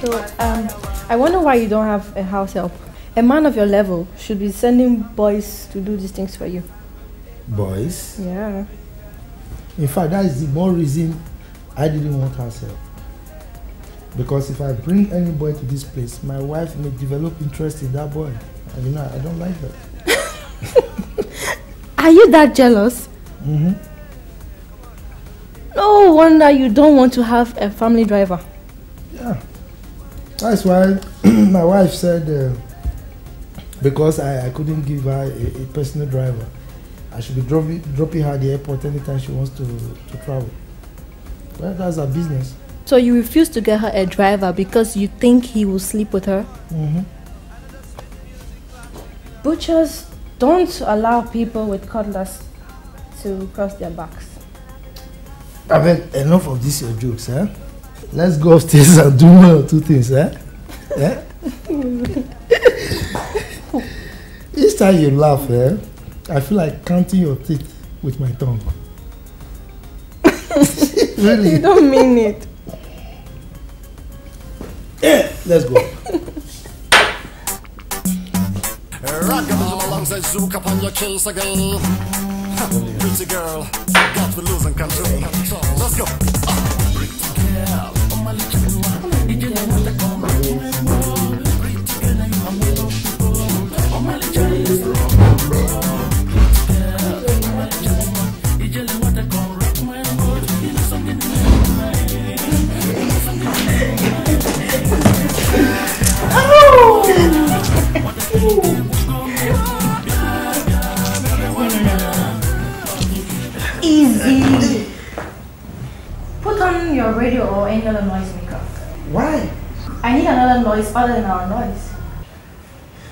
So um, I wonder why you don't have a house help. A man of your level should be sending boys to do these things for you. Boys? Yeah. In fact, that is the more reason I didn't want house help. Because if I bring any boy to this place, my wife may develop interest in that boy. And you know, I don't like that. Are you that jealous? Mm-hmm. No wonder you don't want to have a family driver. Yeah. That's why my wife said, uh, because I, I couldn't give her a, a personal driver, I should be dropping, dropping her at the airport anytime she wants to, to travel. Well, that's her business. So you refuse to get her a driver because you think he will sleep with her? Mm -hmm. Butchers don't allow people with cutlass to cross their backs. I mean, enough of these your jokes, eh? Let's go upstairs and do one or two things, eh? eh? Each time you laugh, eh? I feel like counting your teeth with my tongue. really? You don't mean it. Yeah, let's go. zook up on your case again. Pretty girl, got me losing control. Let's go. your radio or any other noise maker. Why? I need another noise other than our noise.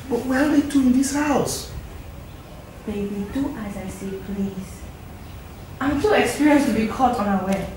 But where are they two in this house? Baby, do as I say, please. I'm too experienced to be caught unaware.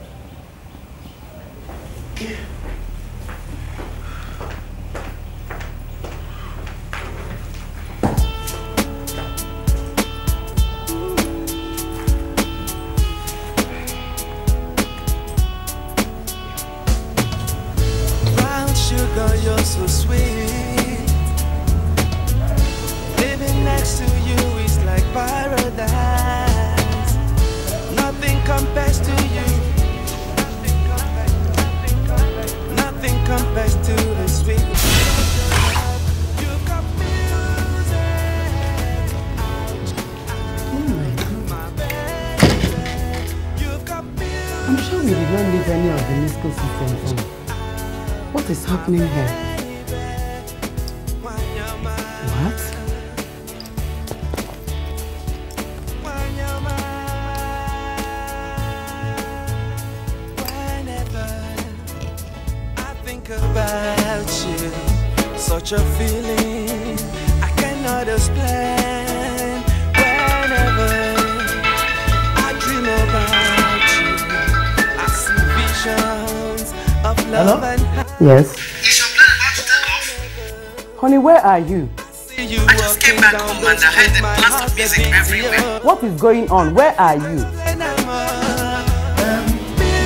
Yes. Is your plane about to take off? Honey, where are you? I just came back home and I heard the blast of music everywhere. What is going on? Where are you? Um,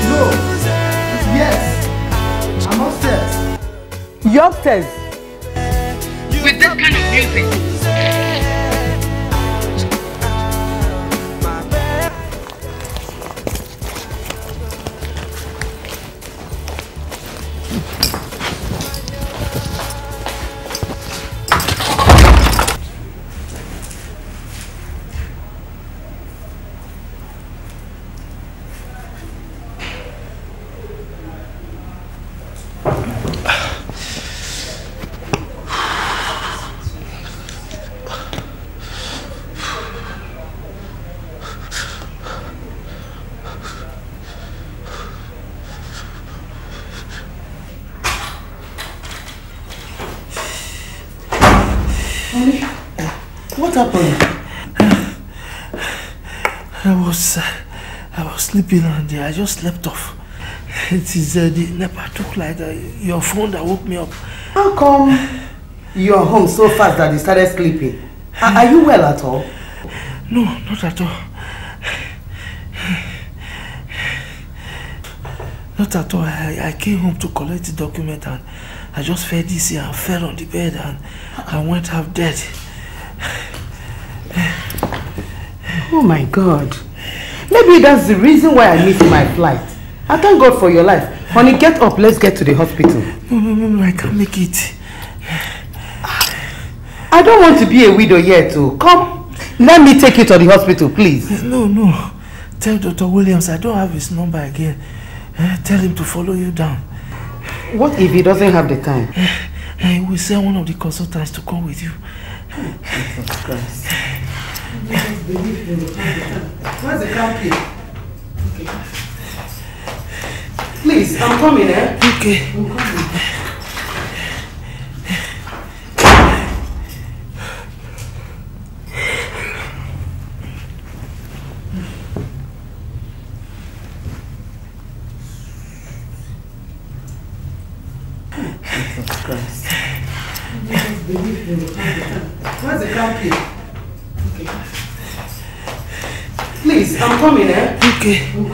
no. Yes. I'm upstairs. You're upstairs? been on there. I just slept off. It is uh, the NEPA took Like Uh, your phone that woke me up. How come you are home so fast that you started sleeping? Are, are you well at all? No, not at all. Not at all. I, I came home to collect the document and I just fell dizzy and fell on the bed and I went half dead. Oh my God. Maybe that's the reason why I missed my flight. I thank God for your life. Honey, get up. Let's get to the hospital. No, no, no, no. I can't make it. I don't want to be a widow yet, too. Oh. Come. Let me take you to the hospital, please. No, no. Tell Dr. Williams I don't have his number again. Eh, tell him to follow you down. What if he doesn't have the time? I eh, eh, will send one of the consultants to come with you. Jesus Christ. Where's the car key? Okay. Please, I'm coming, eh? Okay. I'm coming. I'm coming, eh? Okay.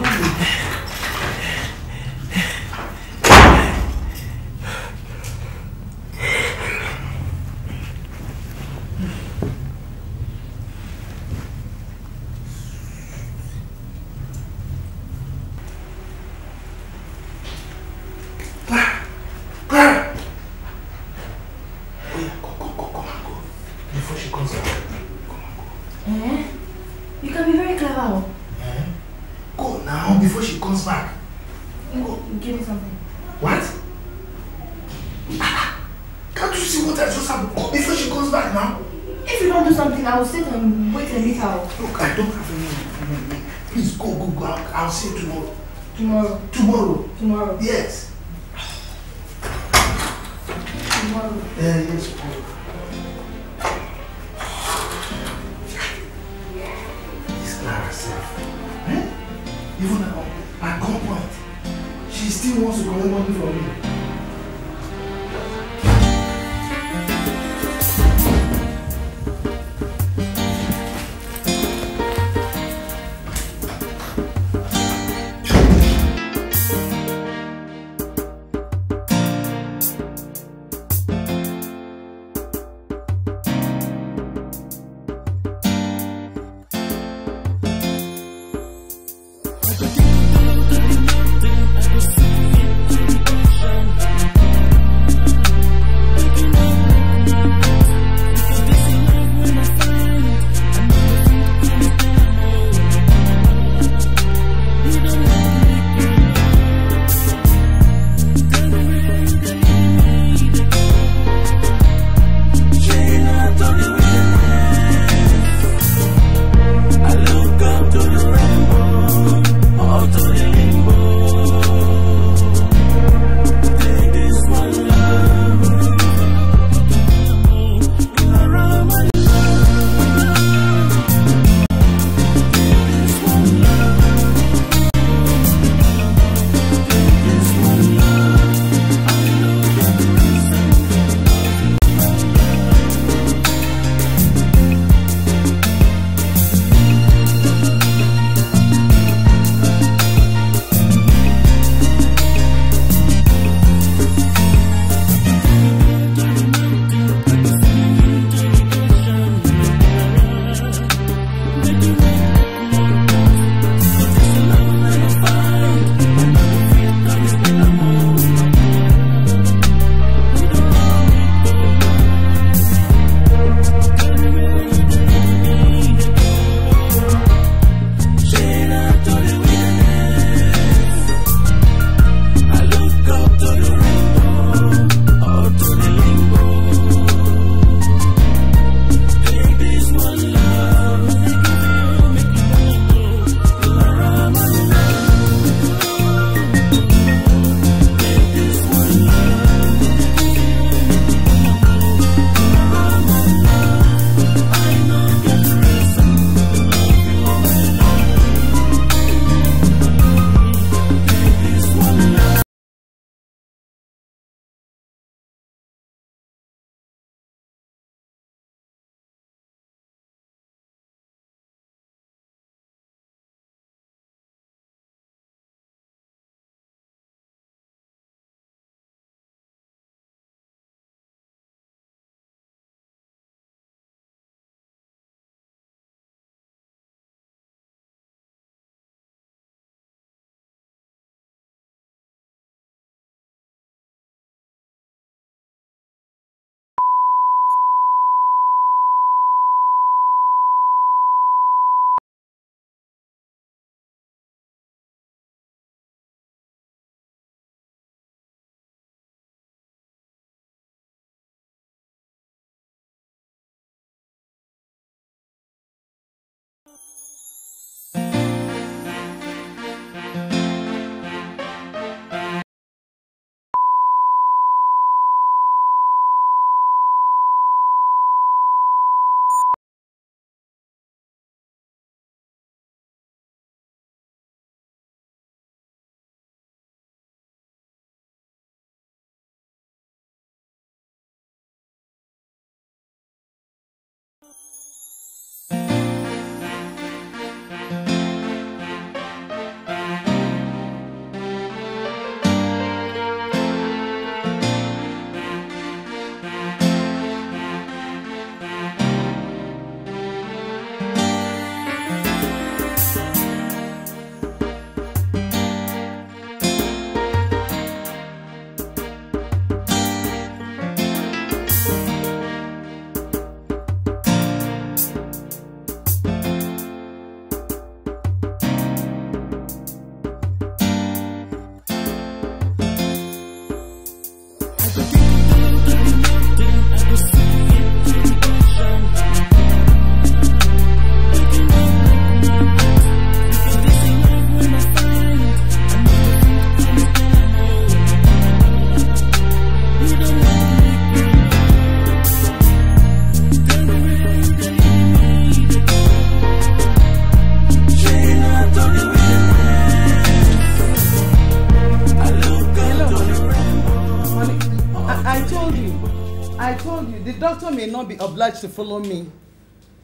may not be obliged to follow me.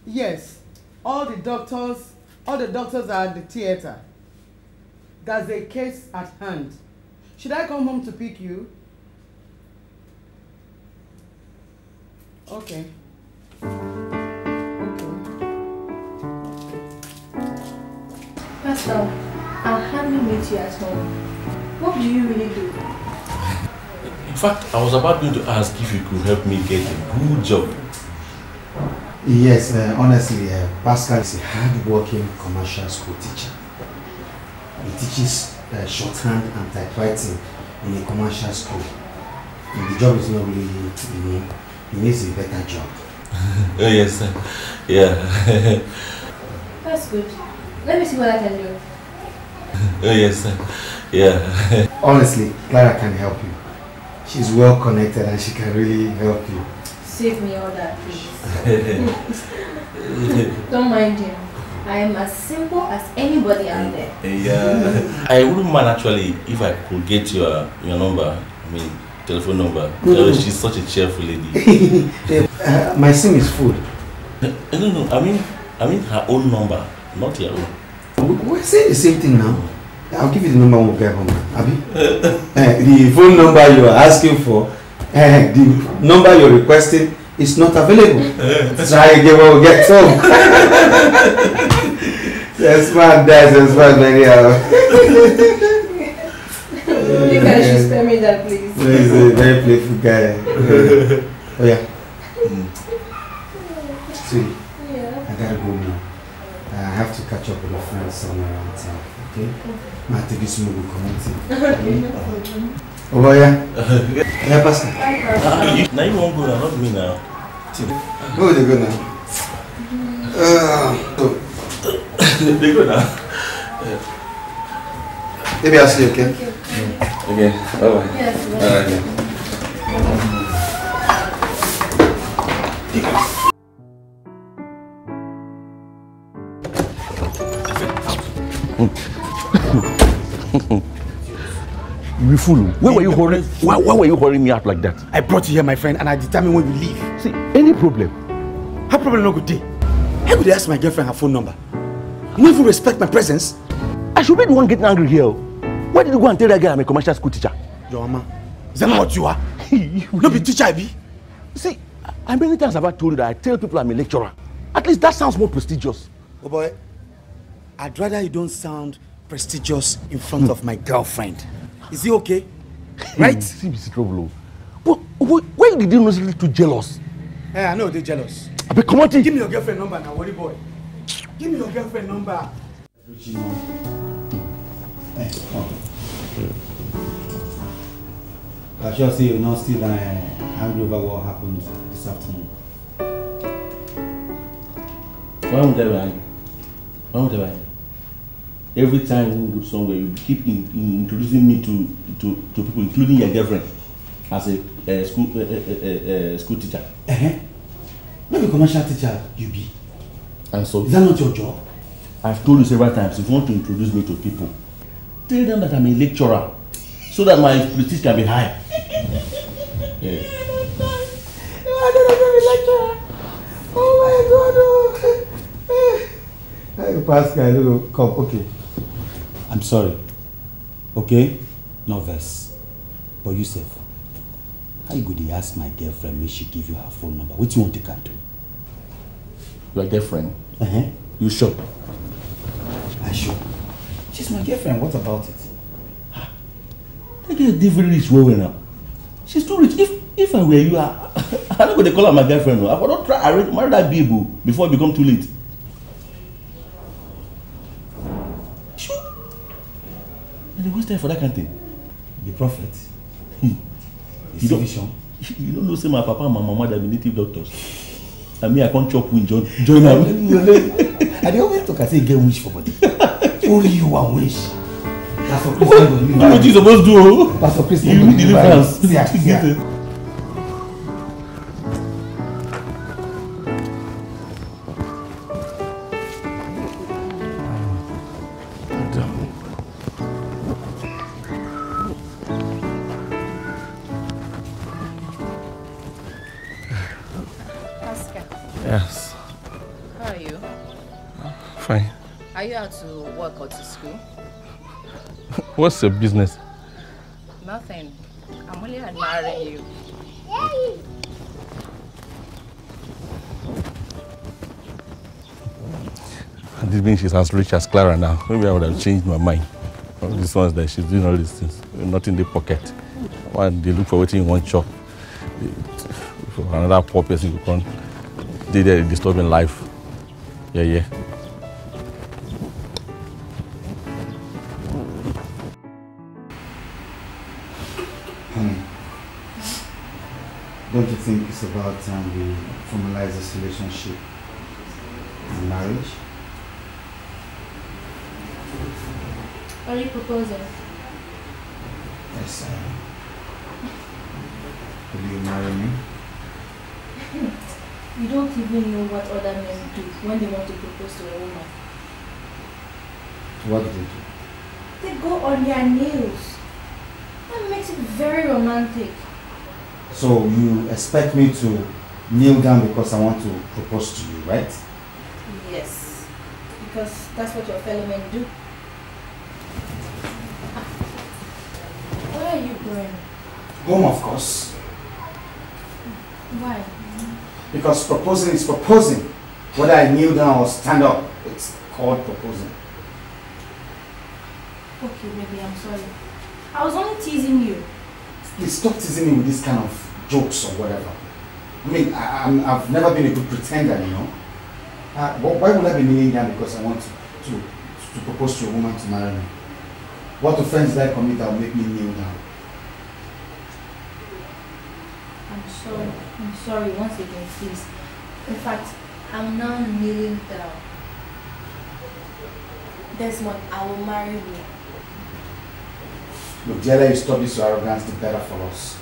Yes, all the doctors, all the doctors are at the theater. There's a case at hand. Should I come home to pick you? Okay. Okay. Pastor, I'll hardly meet you at home. What do you really do? In fact, I was about going to ask if you could help me get a good job. Yes, uh, honestly, uh, Pascal is a hard-working commercial school teacher. He teaches uh, shorthand and typewriting in a commercial school. And the job is not really, you know, he needs a better job. oh, yes, sir. Yeah. That's good. Let me see what I can do. oh, yes, sir. Yeah. Honestly, Clara can help you she's well connected and she can really help you. Save me all that, please. Don't mind him. I am as simple as anybody out there. Yeah. I wouldn't mind actually if I could get your your number. I mean, telephone number. Mm. she's such a cheerful lady. uh, my sim is full. No, no, no. I mean, I mean her own number, not your own. We're saying the same thing now. I'll give you the number when we get home. Abi? uh, the phone number you are asking for, uh, the number you're requesting is not available. Try again when we get home. That's my dad, that's my lady. You guys should spare me that, please. He's eh, a very playful guy. oh, yeah. Mm. yeah. I gotta go now. I have to catch up with a friend somewhere outside. okay? okay. máa tẹ̀lé sínú gbogbo kọ́mọ́tì. ọba ya ya pásítọ̀. na you wan go na not me na. no dey go na. dey go na. Maybe I'll see you, okay? Okay, bye-bye. Yes, bye. Bye. Mm you fool. Oh. Why were you holding? Why, why were you holding me out like that? I brought you here, my friend, and I determine when you leave. See, any problem? Her problem no good day. How could I ask my girlfriend her phone number? No even respect my presence. I should be the one getting angry here. Oh. Why did you go and tell that girl I'm a commercial school teacher? Your mama, is that not what you are? no be teacher, I be. See, I many times have I told you that I tell people I'm a lecturer? At least that sounds more prestigious. Oh boy, I'd rather you don't sound prestigious in front of my girlfriend. Is he okay? Hmm. right? Hmm. See, Mr. Trouble. But oh. why did you not get too jealous? Eh, I know they're jealous. Abi, come on, Give me your girlfriend number now, worry boy. Give me your girlfriend number. Hey, come. I sure see you're not still uh, angry over what happened this afternoon. Why would I be Why would I be every time we go somewhere you keep in, in introducing me to, to to people including your girlfriend as a uh, school uh, uh, uh, school teacher. Uh-huh. Maybe commercial teacher you be. and so is that not your job. I've told you several times if you want to introduce me to people tell them that i'm a lecturer so that my prestige can be high. yeah. Oh my God. I don't know if I'm a lecturer. Oh my God! Oh. Hey, Pascal, come. Okay. I'm sorry. Okay? No verse. But Yusuf, how you go dey ask my girlfriend if she give you her phone number? Wetin you want to am do? Your girlfriend? Uh -huh. You sure? I sure. She's my girlfriend. What about it? That girl dey different rich woman now. She's too rich. If if I were you, I, I no go to call her my girlfriend. No. I would not try arrange marry that babe oh, before e become too late. they waste time for that kind of thing. The prophet, hmm. his you vision. You don't know say my papa and my mama they be native doctors. I mean I can't chop with join join am. I dey always talk I say get wish for body. Only you wan wish. Pastor Chris, you know what you suppose do? Pastor Chris, you deliverance. See, see, see. you out to work or to school? What's your business? Nothing. I'm only admiring you. Yeah. This means she's as rich as Clara now. Maybe I would have changed my mind. This one's that she's doing all these things. Not in the pocket. One, they look for waiting in one shop. For another poor person to come. they're disturbing life. Yeah, yeah. it's about time um, we formalize this relationship and marriage. Are you proposing? Yes, I am. Will you marry me? you don't even know what other men do when they want to propose to a woman. What do they do? They go on their nails. That makes it very romantic. So you expect me to kneel down because I want to propose to you, right? Yes, because that's what your fellow men do. Where are you going? Home, of course. Why? Because proposing is proposing. Whether I kneel down or stand up, it's called proposing. Okay, baby, I'm sorry. I was only teasing you. Please stop teasing me with this kind of jokes or whatever. I mean, I, have never been a good pretender, you know. Uh, why would I be kneeling down because I want to, to, to, propose to a woman to marry me? What offense did I commit that would make me kneel down? I'm sorry. I'm sorry once again, please. In fact, I'm not kneeling down. Desmond, I will marry you. Look, the earlier you stop this arrogance, the better for us.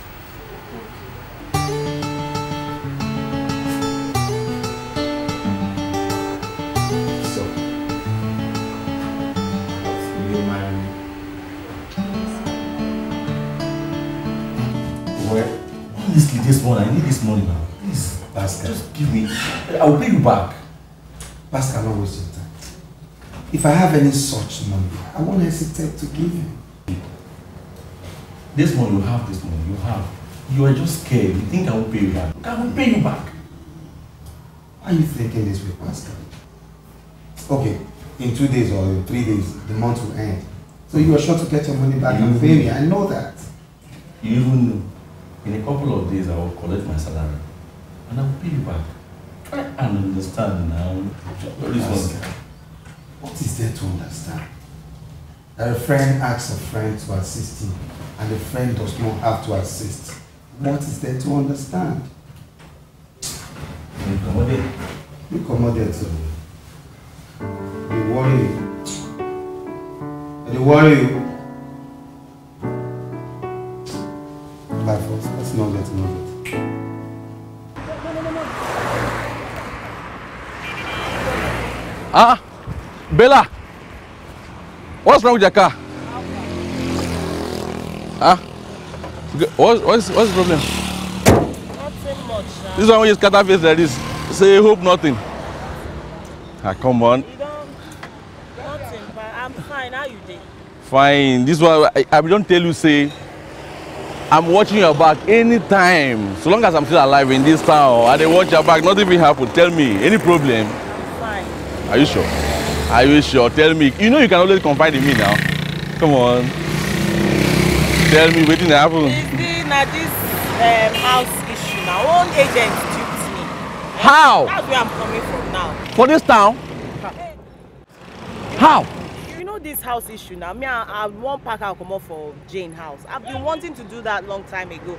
this money. I need this money now. Please, Pascal. just give me. I will pay you back. Pascal, not waste your time. If I have any such money, I won't hesitate to give you. This money, you have this money, you have. You are just scared. You think I will pay you back. I will pay you back. Why are you thinking this way, Pascal? Okay, in two days or three days, the month will end. So you are sure to get your money back you and pay me. I know that. You even know. In a couple of days, I will collect my salary and I will pay you back. Try and understand now. What is there to understand? That a friend asks a friend to assist him and the friend does not have to assist. What is there to understand? You commodate. You commodate me. You worry you. worry you. Bye, Let's not get involved. Ah, Bella, what's wrong with your car? Ah, what's, what's, what's the problem? Nothing much. Huh? This one when you scatter face like this, say hope nothing. Ah, come on. nothing, but I'm fine. How you doing? Fine. This one, I, I don't tell you say I'm watching your back anytime. So long as I'm still alive in this town, I dey watch your back. Nothing fit happen. Tell me, any problem? Fine. Are you sure? Are you sure? Tell me. You know you can always confide in me now. Come on. Tell me wetin to happen. See, na this um, house issue now. one agent duped me. How? That's where I'm coming from now. For this town? How? this house issue now me i, I wan pack come comot for jane house I've been wanting to do that long time ago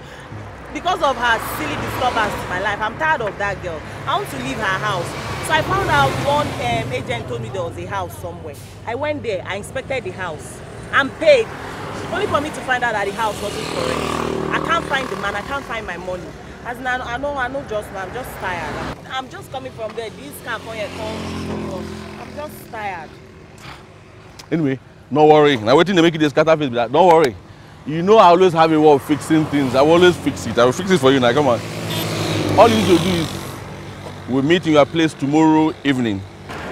because of her silly disturbance in my life i'm tired of that girl i want to leave her house so i found out one um, agent told me there was a house somewhere i went there i inspected the house I'm paid only for me to find out that the house wasn't correct i can't find the man i can't find my money as in i, I know i know just i'm just tired i'm, just coming from there this car come here come i'm just tired anyway no worry na wetin dey make you dey scatter face be that don't worry you know i always have a way of fixing things i will always fix it i will fix it for you now come on all you need to do is we we'll meet in your place tomorrow evening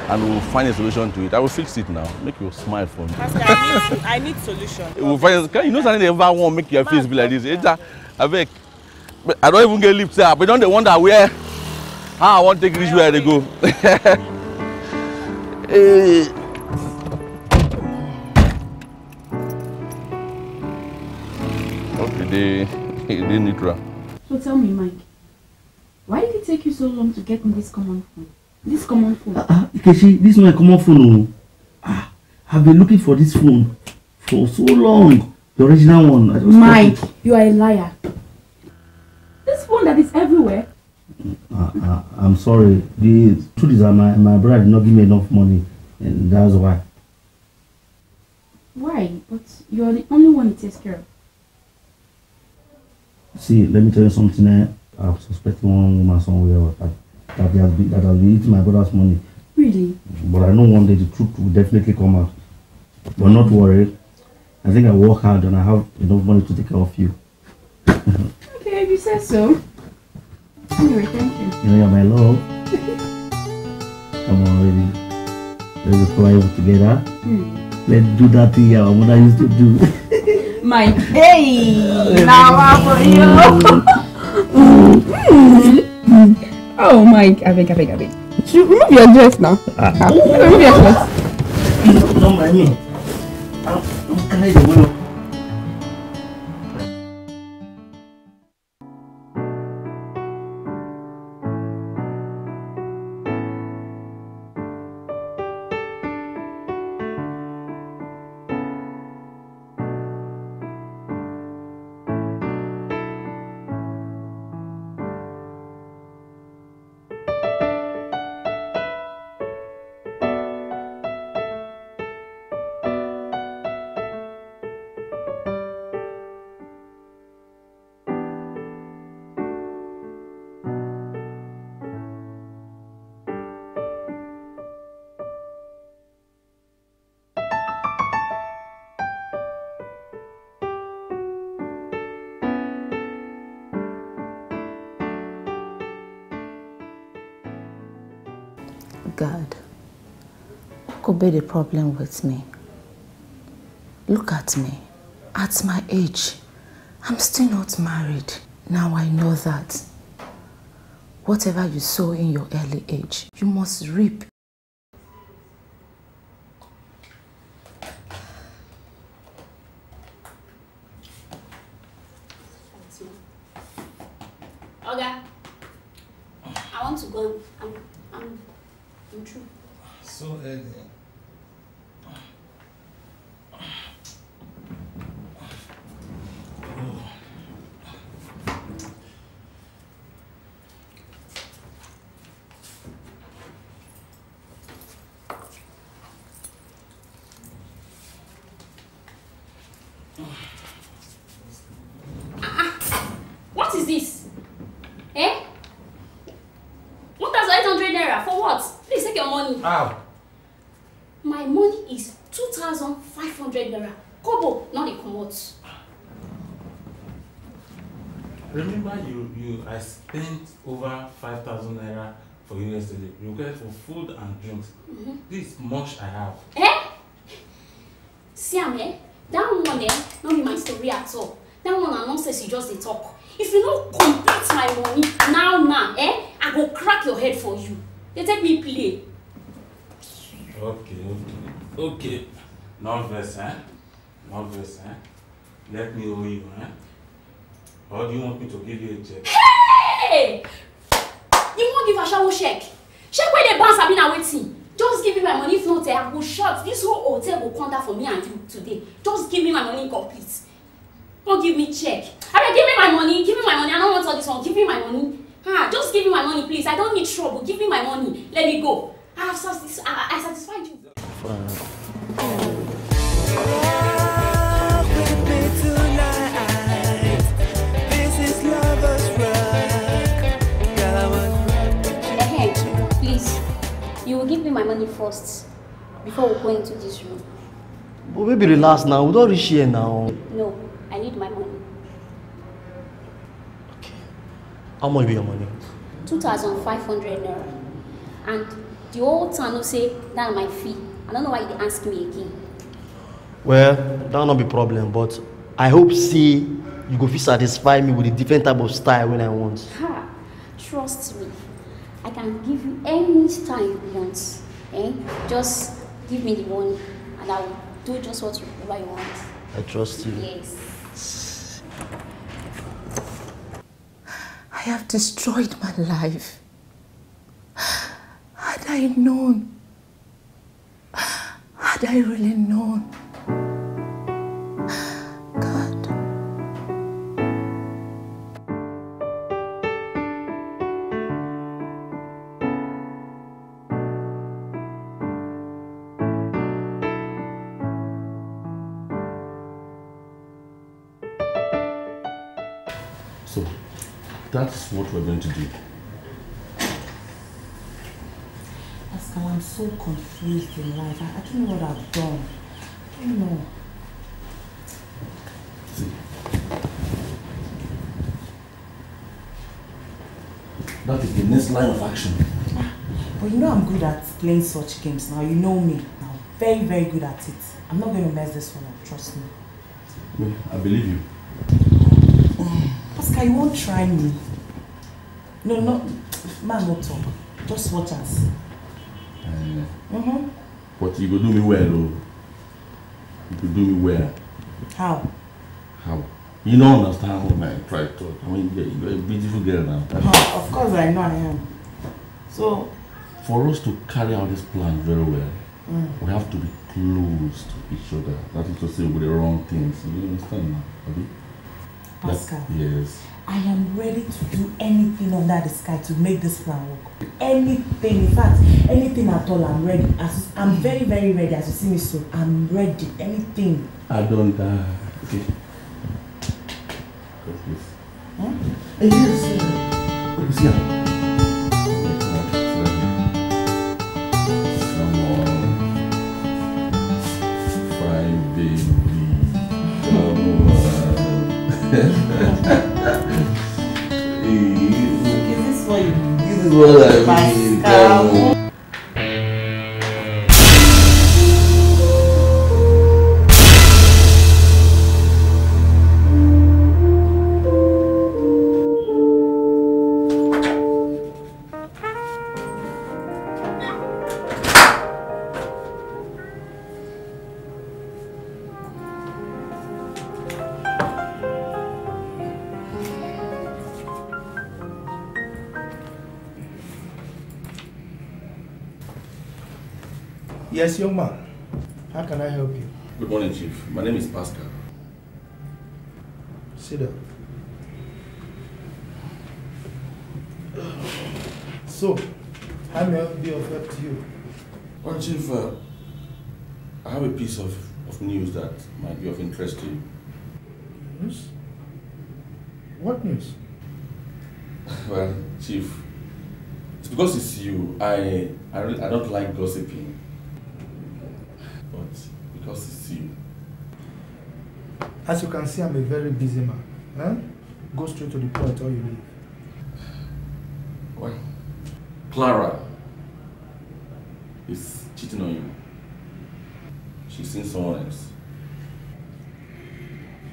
and we'll find a solution to it. I will fix it now. Make you smile for me. Pastor, I need, I need solution. We'll find, can, you know something they ever want make your face be like this? It's a, I beg. don't even get lips up. But don't they wonder where, how I want to take this where they go. Eh, they, they So tell me, Mike, why did it take you so long to get me this common phone? This common phone? Uh, uh, this is my common phone. Oh. Ah, I've been looking for this phone for so long. The original one. Mike, you are a liar. This phone that is everywhere. Uh, I'm sorry. The truth is that my, my brother did not give me enough money. And that's why. Why? But you're the only one who takes care of. See, let me tell you something. Eh? I've suspected one woman somewhere that, that, they have been, that has been eating my brother's money. Really? But I know one day the truth will definitely come out. But not worried. I think I work hard and I have enough money to take care of you. okay, if you say so. Anyway, thank you. You know, you're my love. come on, baby. Let's fly together. Mm. Let's do that thing our mother used to do. Mike. Hey! oh, Mike, avec, avec, avec. Tu remove your dress now. Ah. Remove your dress. could be the problem with me? Look at me. At my age, I'm still not married. Now I know that. Whatever you sow in your early age, you must reap. Okay. I want to go. I'm, I'm, I'm true. So early. Uh, How? My money is 2,500 naira. Kobo, not a commot. Remember you, you I spent over 5,000 naira for you yesterday. You get for food and drinks. Mm -hmm. This much I have. Eh? Siam, eh? That one, eh? Not in my story at all. That one na nonsense you just talk. If you don't complete my money now now, eh? I go crack your head for you. They take me play. Ok, ok. Ok. Nervous, eh? Nervous, eh? Let me owe you, eh? Or do you want me to give you a check? Hey! You won't give a shower check. Check where the boss have been waiting. Just give me my money, if not, eh? I will shut. This whole hotel will come down for me until today. Just give me my money complete. Don't give me check. I mean, give me my money. Give me my money. I don't want all this one. Give me my money. Ah, just give me my money, please. I don't need trouble. Give me my money. Let me go. have satisfied, I, I satisfied you. Ahead, please. You will give me my money first before we go into this room. But baby, relax now. We don't reach here now. No, I need my money. Okay. How much will be your money? 2,500 naira. And the old time will say, that my fee. I don't know why they ask me again. Well, that'll not be problem, but I hope see you go feel satisfy me with a different type of style when I want. Ha, trust me. I can give you any style you want. Eh? Just give me the money and I will do just what you, what you want. I trust you. Yes. I have destroyed my life. I known? Had I really known? God. So, that's what we're going to do. Oh, I am so confused in life. I, I don't know what I've done. I don't know. That is the next line of action. Ah, but you know I'm good at playing such games now. You know me now. Very, very good at it. I'm not going to mess this one up. Trust me. Well, I believe you. Pascal, you won't try me. No, no. Man, no talk. Just watch us. Mm -hmm. But you could do me well, though. You could do me well. How? How? You don't understand what I try to. I mean, you're a beautiful girl now. of course, I know I am. So, for us to carry out this plan very well, mm. we have to be close to each other. That is to say, with the wrong things. You understand now? Pascal. That, yes. I am ready to do anything under the sky to make this plan work. Anything, in fact, anything at all, I'm ready. As, I'm very, very ready. As you see me so I'm ready. Anything. I don't. Uh, okay. Go, please. Huh? Yes. Sir. vừa là vì Yes, young man. How can I help you? Good morning, Chief. My name is Pascal. Sit down. So, how may I be of help to you? Well, Chief, uh, I have a piece of, of news that might be of interest to you. News? What news? well, Chief, it's because it's you. I, I, really, I don't like gossiping but because it's you. As you can see, I'm a very busy man. Eh? Go straight to the point or you leave. Well, Clara is cheating on you. She's seen someone else.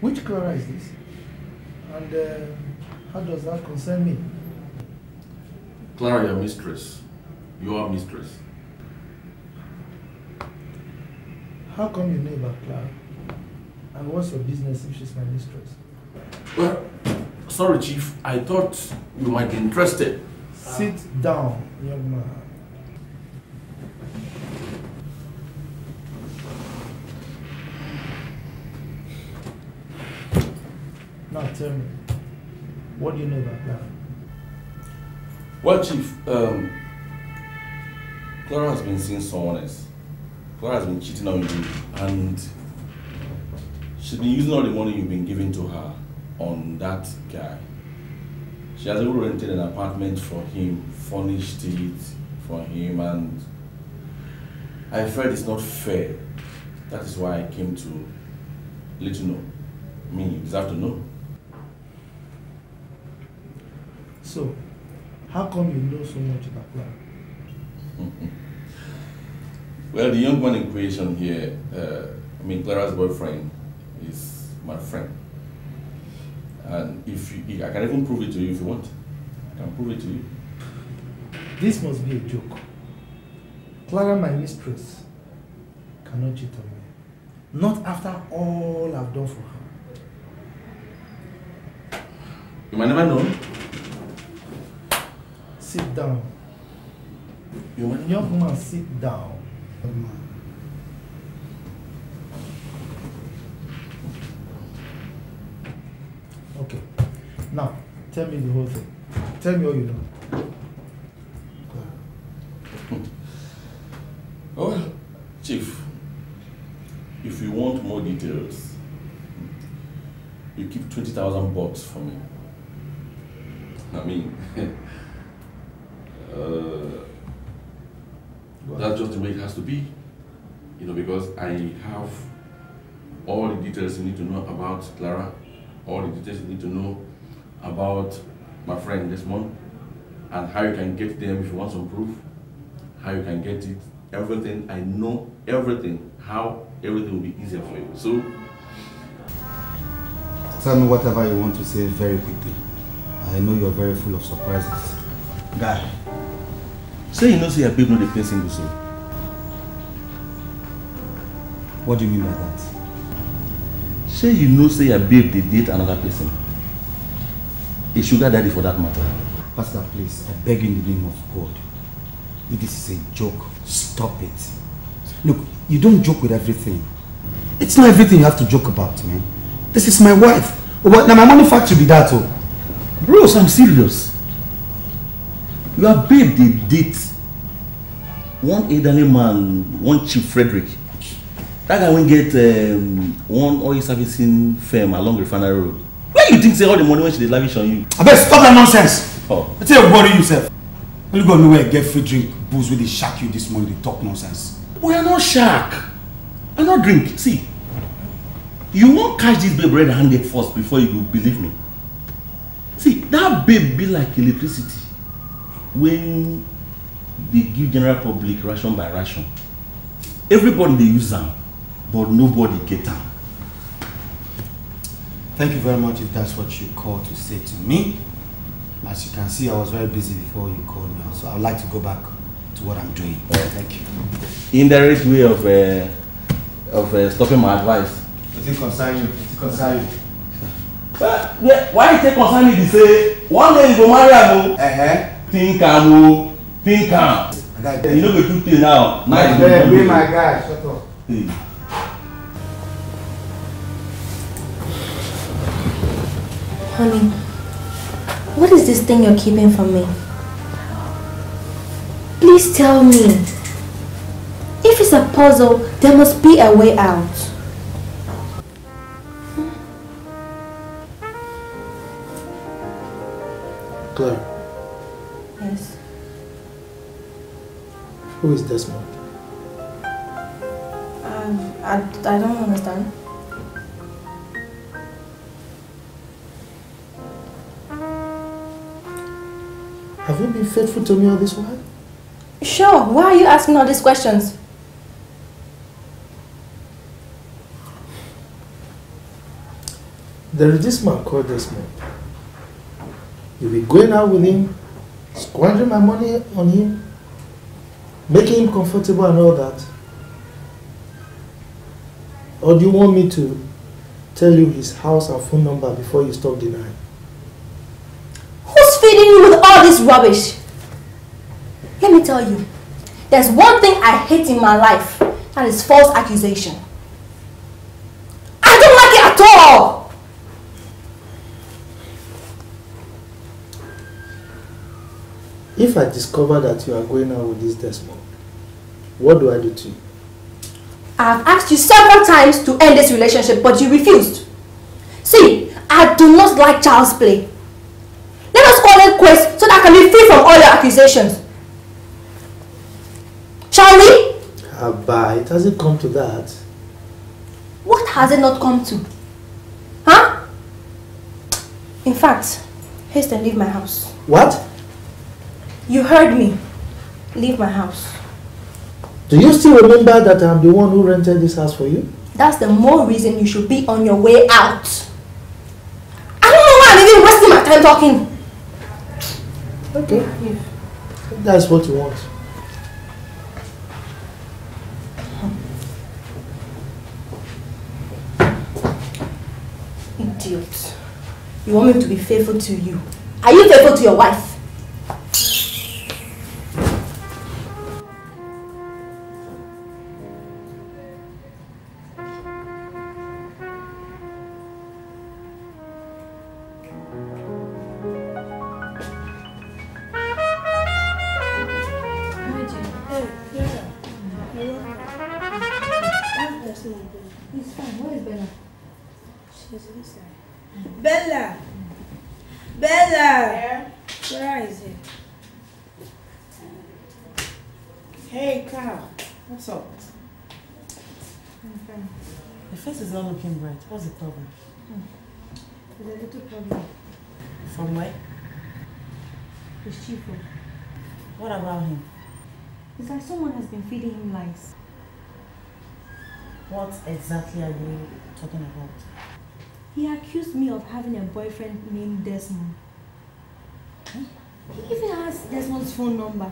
Which Clara is this? And uh, how does that concern me? Clara, your mistress. Your mistress. How come you know about Clara? And what's your business if she's my mistress? Well, sorry, Chief. I thought you might be interested. Sit down, young man. Now tell me, what do you know about Clara? Well, Chief, um, Clara has been seeing someone else. God has been cheating on you and she's been using all the money you've been giving to her on that guy. She has even rented an apartment for him, furnished it for him, and I felt it's not fair. That is why I came to let you know. I mean, you deserve to know. So, how come you know so much about her? Well, the young man in creation here, uh, I mean, Clara's boyfriend is my friend. And if you, I can even prove it to you if you want. I can prove it to you. This must be a joke. Clara, my mistress, cannot cheat on me. Not after all I've done for her. You might never know. Sit down. You might Young man, sit down. Okay. Now, tell me the whole thing. Tell me all you know. Well, Chief, if you want more details, you keep 20,000 bucks for me. I mean, uh, that's just the way it has to be. You know, because I have all the details you need to know about Clara, all the details you need to know about my friend this month, and how you can get them if you want some proof, how you can get it, everything. I know everything, how everything will be easier for you. So, tell me whatever you want to say very quickly. I know you're very full of surprises. Guy, say you know say your babe no dey pay single so what do you mean by that say you know say your babe dey date another person a sugar daddy for that matter pastor please i beg in the name of god if this is a joke stop it look you don't joke with everything it's not everything you have to joke about man this is my wife oh, now? My money my manufacture be that oh bros i'm serious your babe dey date one elderly man one chief frederick that guy wey get um, one oil servicing firm along refinery road where you think say all the money wey she dey lavish on you. abeg stop that nonsense oh. wetin dey worry you sef only god know where i get free drink booze wey dey shark you this morning dey talk nonsense. we are not shark i no drink see you wan catch this babe red handed first before you go believe me see that babe be like electricity when they give general public ration by ration everybody they use them, but nobody get them. thank you very much if that's what you call to say to me as you can see i was very busy before you called me so i would like to go back to what i'm doing uh, thank you. indirect way of uh, of uh, stopping my advice. It concern you It concern you. Uh, why you take concern me to say one day you go marry a Uh -huh. Think am o. Think am. You know the do now. My guy, be my guy. Shut up. Hey. Honey, what is this thing you're keeping from me? Please tell me. If it's a puzzle, there must be a way out. Claire. Who is Desmond? Um, I, I don't understand. Have you been faithful to me all this while? Sure. Why are you asking all these questions? There is this man called Desmond. You'll be going out with him, squandering my money on him, making him comfortable and all that? Or do you want me to tell you his house and phone number before you stop denying? Who's feeding you with all this rubbish? Let me tell you, there's one thing I hate in my life, and it's false accusation. I don't like it at all! If I discover that you are going out with this Desmond, what do I do to you? I've asked you several times to end this relationship, but you refused. See, I do not like child's play. Let us call it quits so that I can be free from all your accusations. Shall we? Abba, it hasn't come to that. What has it not come to? Huh? In fact, haste and leave my house. What? You heard me. Leave my house. Do you still remember that I'm the one who rented this house for you? That's the more reason you should be on your way out. I don't know why I'm even wasting my time talking. Okay. Yeah. That's what you want. Idiot. You want me to be faithful to you? Are you faithful to your wife? Bella. Bella. Where is it? Hey, Carl, What's up? Okay. The face is not looking bright. What's the problem? Hmm. There's a little problem. From where? It's Chico. What about him? It's like someone has been feeding him lies. What exactly are you talking about? He accused me of having a boyfriend named Desmond. He even has Desmond's phone number.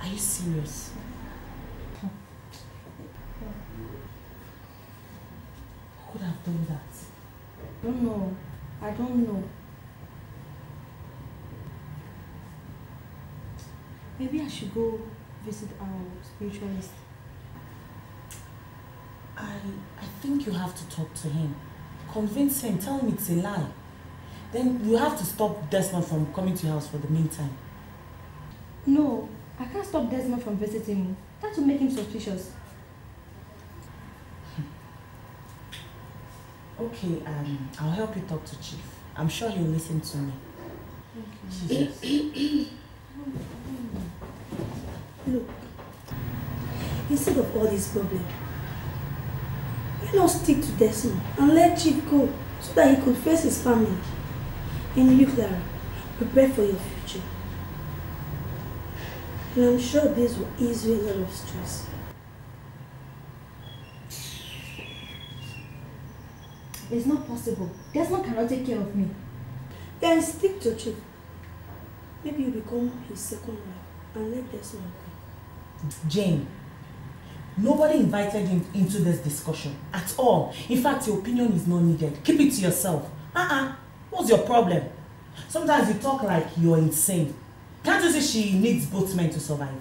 Are you serious? Who could have done that? I don't know. I don't know. Maybe I should go visit our spiritualist. I, I think you have to talk to him. Convince him, tell him it's a lie. Then you have to stop Desmond from coming to your house for the meantime. No, I can't stop Desmond from visiting me. That will make him suspicious. Hmm. Okay, um, I'll help you talk to Chief. I'm sure he'll listen to me. Jesus. Look, instead of all this problem, why not stick to Desmond and let Chief go so that he could face his family? And you, Clara, prepare for your future. And I'm sure this will ease you a lot of stress. It's not possible. Desmond cannot take care of me. Then stick to Chief. Maybe you become his second wife and let Desmond go. Jane, Nobody invited him into this discussion at all. In fact, your opinion is not needed. Keep it to yourself. Uh-uh. What's your problem? Sometimes you talk like you're insane. Can't you see she needs both men to survive?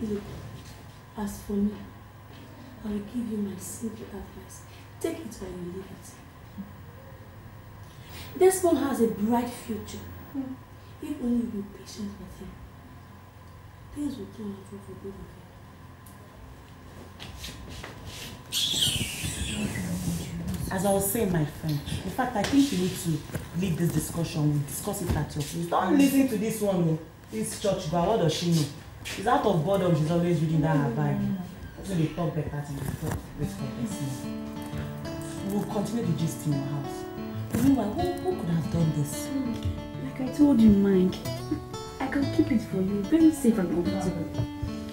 Look, as for me, I will give you my simple advice. Take it or you leave it. This one has a bright future. Hmm. If only you be patient with him, things will turn out for good. As I was saying, my friend, in fact, I think you need to lead this discussion. We'll discuss it at your place. Don't listen to this one, oh. This church girl, what does she know? She's out of boredom. She's always reading that her Bible. So they talk better than they talk with person. We'll continue the gist in your house. Meanwhile, who, who could have done this? Like I told you, Mike, I can keep it for you. Very safe and comfortable.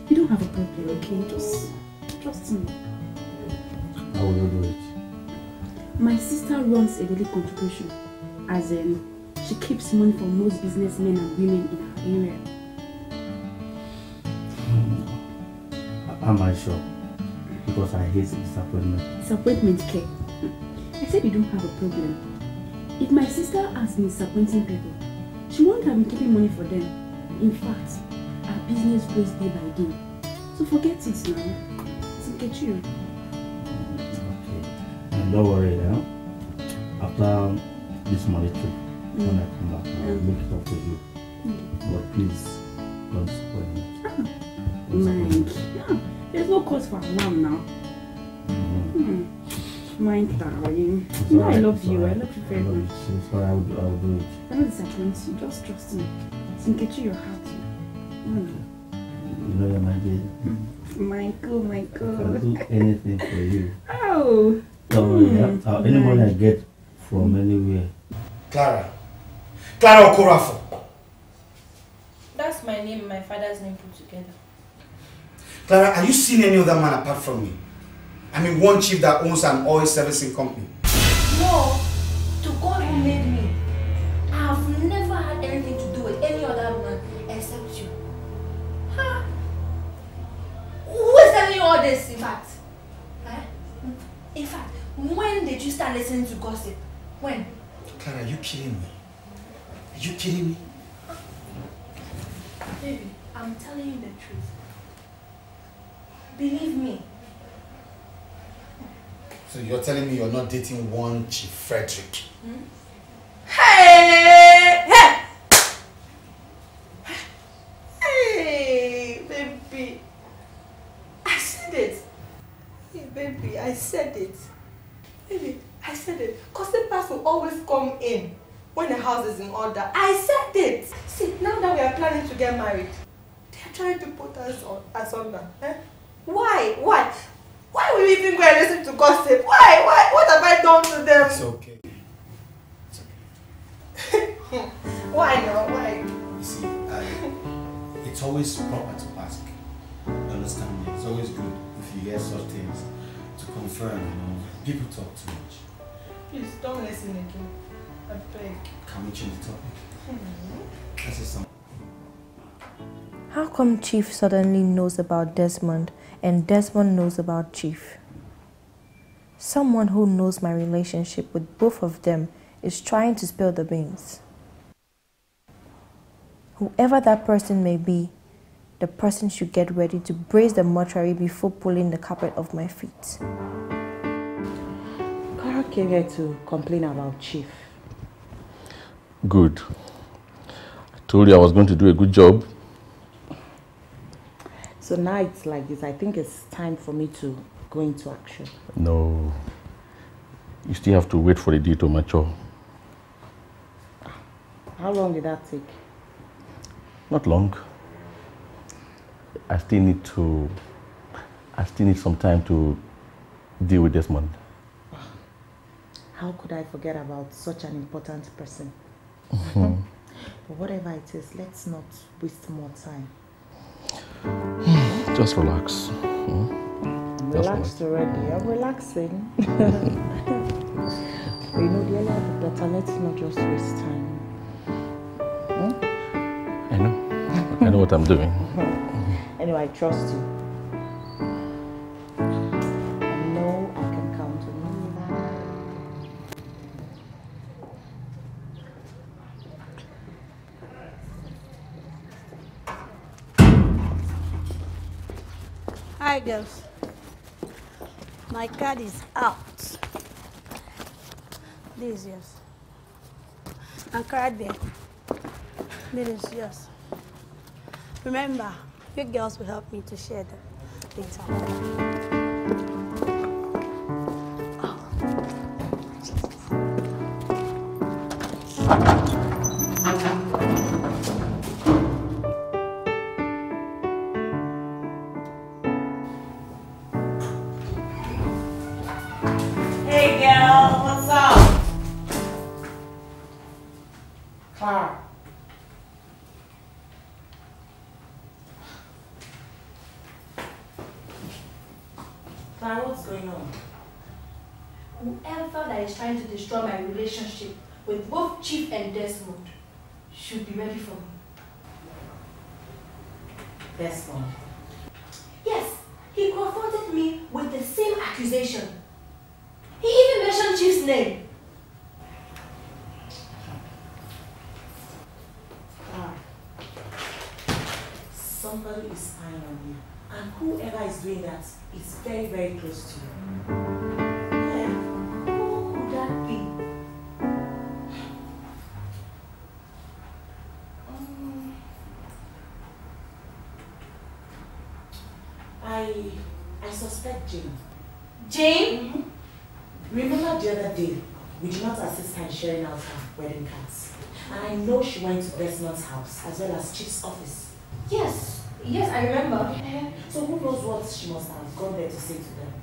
You don't have a problem, okay? Just trust me. I will not do it. My sister runs a daily contribution, as in she keeps money for most businessmen and women in her area. Hmm. Am I sure? Because I hate disappointment. Disappointment care. Hmm. I said you don't have a problem. If my sister has been disappointing people, she won't have been keeping money for them. In fact, our business grows day by day. So forget it now. It's okay, you don't worry, yeah? After this money trip, mm. when I come back, I'll mm. make it up to you. Mm. But please, don't spoil me. Ah, Mike, yeah. there's no cause for alarm now. Mm. Mind darling. You know right. I love it's you. Right. I love you very much. That's why I will, I will do it. I don't disappoint you. Just trust me. It's in get you your heart. Mm. You know you're my baby. Michael, Michael. I'll do anything for you. Oh. Mm. Yeah. Uh, any money I mm. get from anywhere. Clara. Clara Okorafo. That's my name my father's name put together. Clara, are you seeing any other man apart from me? I mean one chief that owns an oil servicing company. No. To God who made me. I have never had anything to do with any other man except you. Huh? Who is telling you all this? start listening to gossip? When? Clara, are you kidding me? Are you kidding me? Baby, I'm telling you the truth. Believe me. So you're telling me you're not dating one Chief Frederick? Hmm? Hey! Hey! Hey, baby. I said it. Hey, baby, I said it said it. Custom parts will always come in when the house is in order. I said it! See, now that we are planning to get married, they're trying to put us on us under. Eh? Why? Why? Why will we even go and listen to gossip? Why? Why? What have I done to them? It's okay. It's okay. Why now? Why? You see, I, it's always proper to ask. understand me? It's always good if you hear such things to confirm, you know. People talk too much. Please don't listen again. I beg. Can we change the topic? Mm -hmm. How come Chief suddenly knows about Desmond and Desmond knows about Chief? Someone who knows my relationship with both of them is trying to spill the beans. Whoever that person may be, the person should get ready to brace the mortuary before pulling the carpet off my feet came here to complain about Chief. Good. I told you I was going to do a good job. So now it's like this. I think it's time for me to go into action. No. You still have to wait for the deal to mature. How long did that take? Not long. I still need to, I still need some time to deal with this money how could I forget about such an important person? Mm-hmm. mm-hmm. But whatever it is, let's not waste more time. Just relax. Mm? Relaxed relax. already. I'm relaxing. you know, the earlier the better. Let's not just waste time. Hmm? I know. I know what I'm doing. anyway, I trust you. right, girls. My card is out. This is yours. And card there. This is yours. Remember, you girls will help me to share them later. Clara, what's going on? Whoever that is trying to destroy my relationship with both Chief and Desmond should be ready for me. Desmond? Yes, he confronted me with the same accusation. He even mentioned Chief's name. Somebody is spying on you. And whoever is doing that is very, very close to you. Yeah. Who could that be? Um, I, I suspect Jane. Jane? Mm -hmm. Remember the other day, we did not assist her in sharing out her wedding cards. And I know she went to Desmond's house as well as Chief's office. Yes. Yes, I remember. Eh, so who knows what she must have gone there to say to them?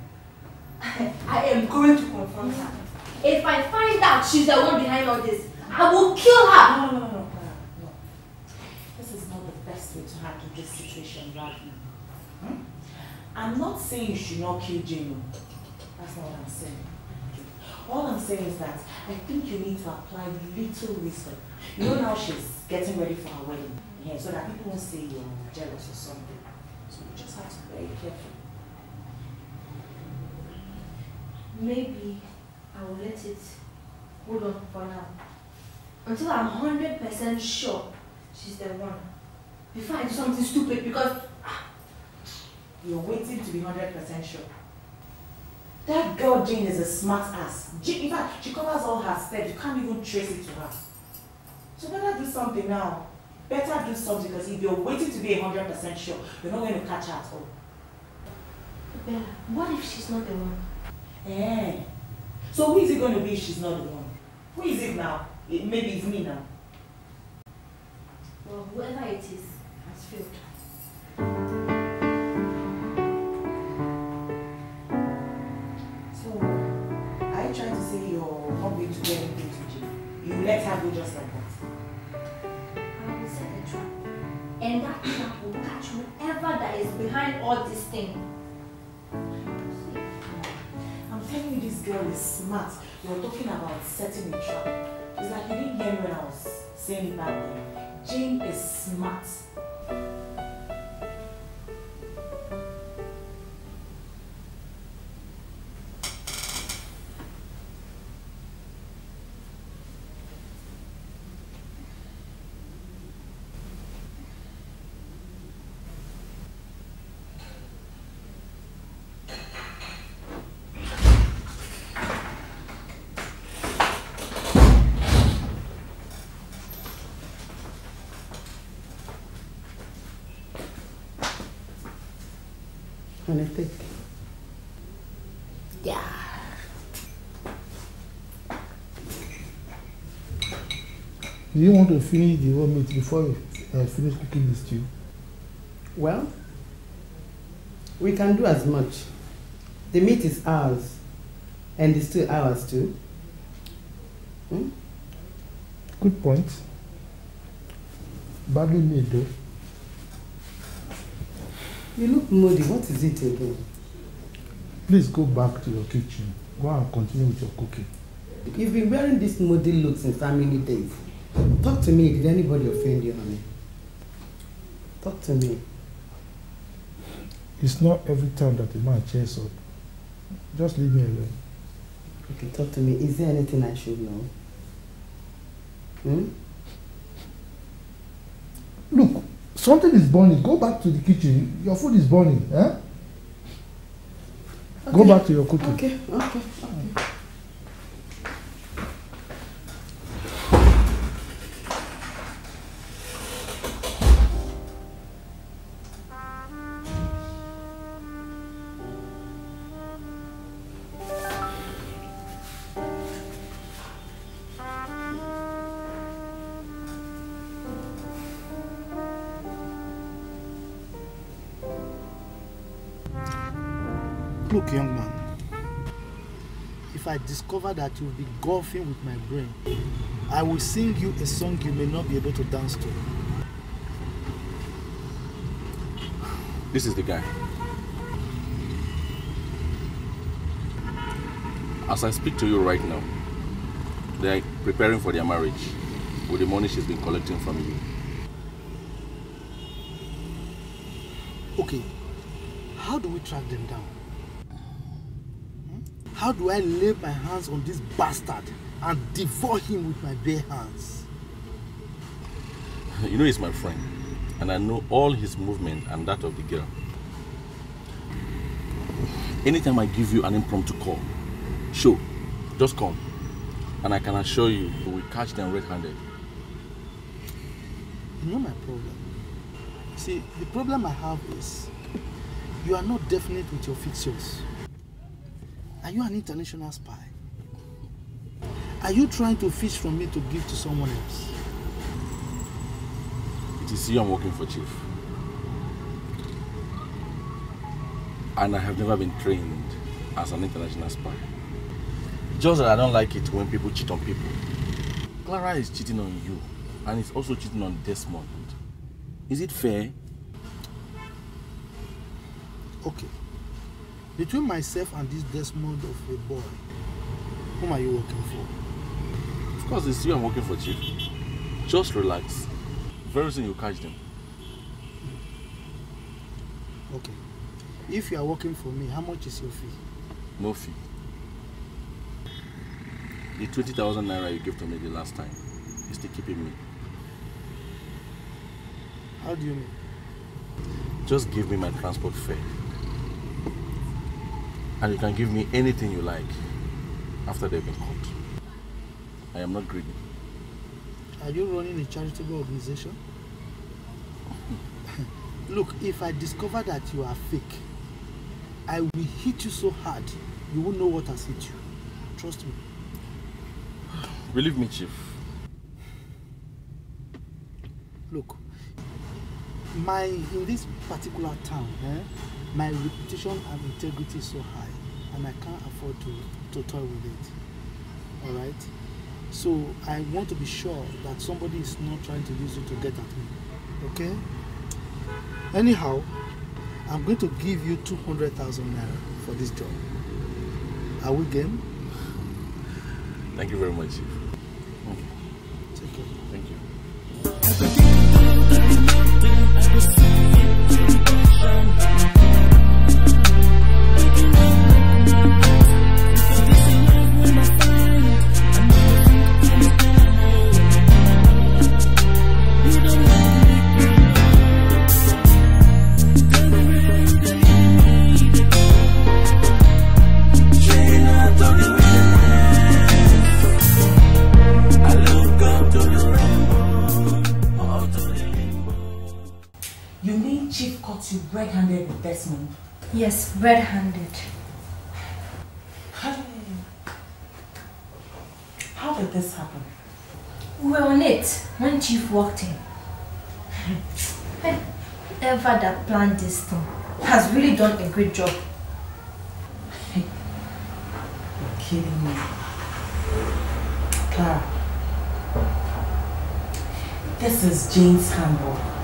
I am going to confront her. If I find out she's the one behind all this, I will kill her. No, no, no, no, no. This is not the best way to handle this situation right now. Hmm? I'm not saying you should not kill Jane. That's not what I'm saying. All I'm saying is that I think you need to apply little wisdom. You know now she's getting ready for her wedding. Yeah, so that people won't say you're jealous or something. So you just have to be very careful. Maybe I will let it hold on for now. Until I'm 100% sure she's the one. Before I do something stupid because... Ah, you're waiting to be 100% sure. That girl Jane is a smart ass. Jane, in fact, she covers all her steps. You can't even trace it to her. So better do something now. Better do something because if you're waiting to be 100% sure, you're not going to catch her at all. Bella, what if she's not the one? Eh. So who is it going to be if she's not the one? Who is it now? It, eh, maybe it's me now. Well, whoever it is has failed. So, are you trying to say you're not going to do anything to Jim? You let her go just like that? that is behind all this thing. I'm telling you, this girl is smart. You're talking about setting a trap. It's like you didn't hear me when I was saying it back then. Jane is smart. magnetic. Yeah. Do you want to finish the whole meat before I finish cooking the stew? Well, we can do as much. The meat is ours, and the stew ours too. Hmm? Good point. Badly made though. You look muddy. What is it again? Please go back to your kitchen. Go and continue with your cooking. You've been wearing this muddy look since how many days? Talk to me. Did anybody offend you, honey? Talk to me. It's not every time that a man cheers up. Just leave me alone. Okay, talk to me. Is there anything I should know? Hmm? something is burning go back to the kitchen your food is burning eh? okay. go back to your cooking. Okay. Okay. Okay. discover that you'll be golfing with my brain. I will sing you a song you may not be able to dance to. This is the guy. As I speak to you right now, they are preparing for their marriage with the money she's been collecting from you. Okay, how do we track them down? How do I lay my hands on this bastard and devour him with my bare hands? You know he's my friend, and I know all his movement and that of the girl. Anytime I give you an impromptu call, show, just come, and I can assure you we will catch them red-handed. You know my problem? See, the problem I have is you are not definite with your fixtures. Are you an international spy? Are you trying to fish from me to give to someone else? It is you I'm working for, Chief. And I have never been trained as an international spy. Just that I don't like it when people cheat on people. Clara is cheating on you, and is also cheating on Desmond. Is it fair? Okay. Between myself and this Desmond of a boy, whom are you working for? Of course, it's you I'm working for, Chief. Just relax. Very soon you'll catch them. Okay. If you are working for me, how much is your fee? No fee. The 20,000 naira you gave to me the last time is still keeping me. How do you mean? Just give me my transport fare. And you can give me anything you like after they've been caught. I am not greedy. Are you running a charitable organization? Look, if I discover that you are fake, I will hit you so hard, you won't know what has hit you. Trust me. Believe me, Chief. Look, my in this particular town, eh, My reputation and integrity is so high, and I can't afford to, to toy with it. All right? So I want to be sure that somebody is not trying to use you to get at me. Okay? Anyhow, I'm going to give you 200,000 naira for this job. Are we game? Thank you very much, Chief. handed. How did this happen? We were on it when Chief walked in. Whoever that planned this thing has really done a great job. You're kidding me. Clara, this is Jane's handbook.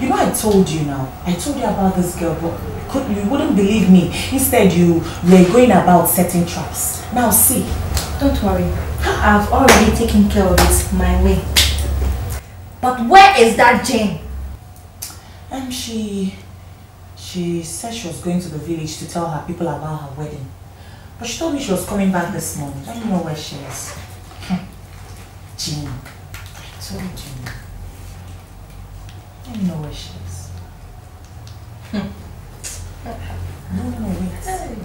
You know, I told you now. I told you about this girl, but could, you wouldn't believe me. Instead, you were going about setting traps. Now, see. Don't worry. I've already taken care of it my way. But where is that Jane? And um, she... She said she was going to the village to tell her people about her wedding. But she told me she was coming back this morning. I don't know where she is. Hmm. Jane. I told Jane. I know where she is. Hmm. No, no, wait. Hey.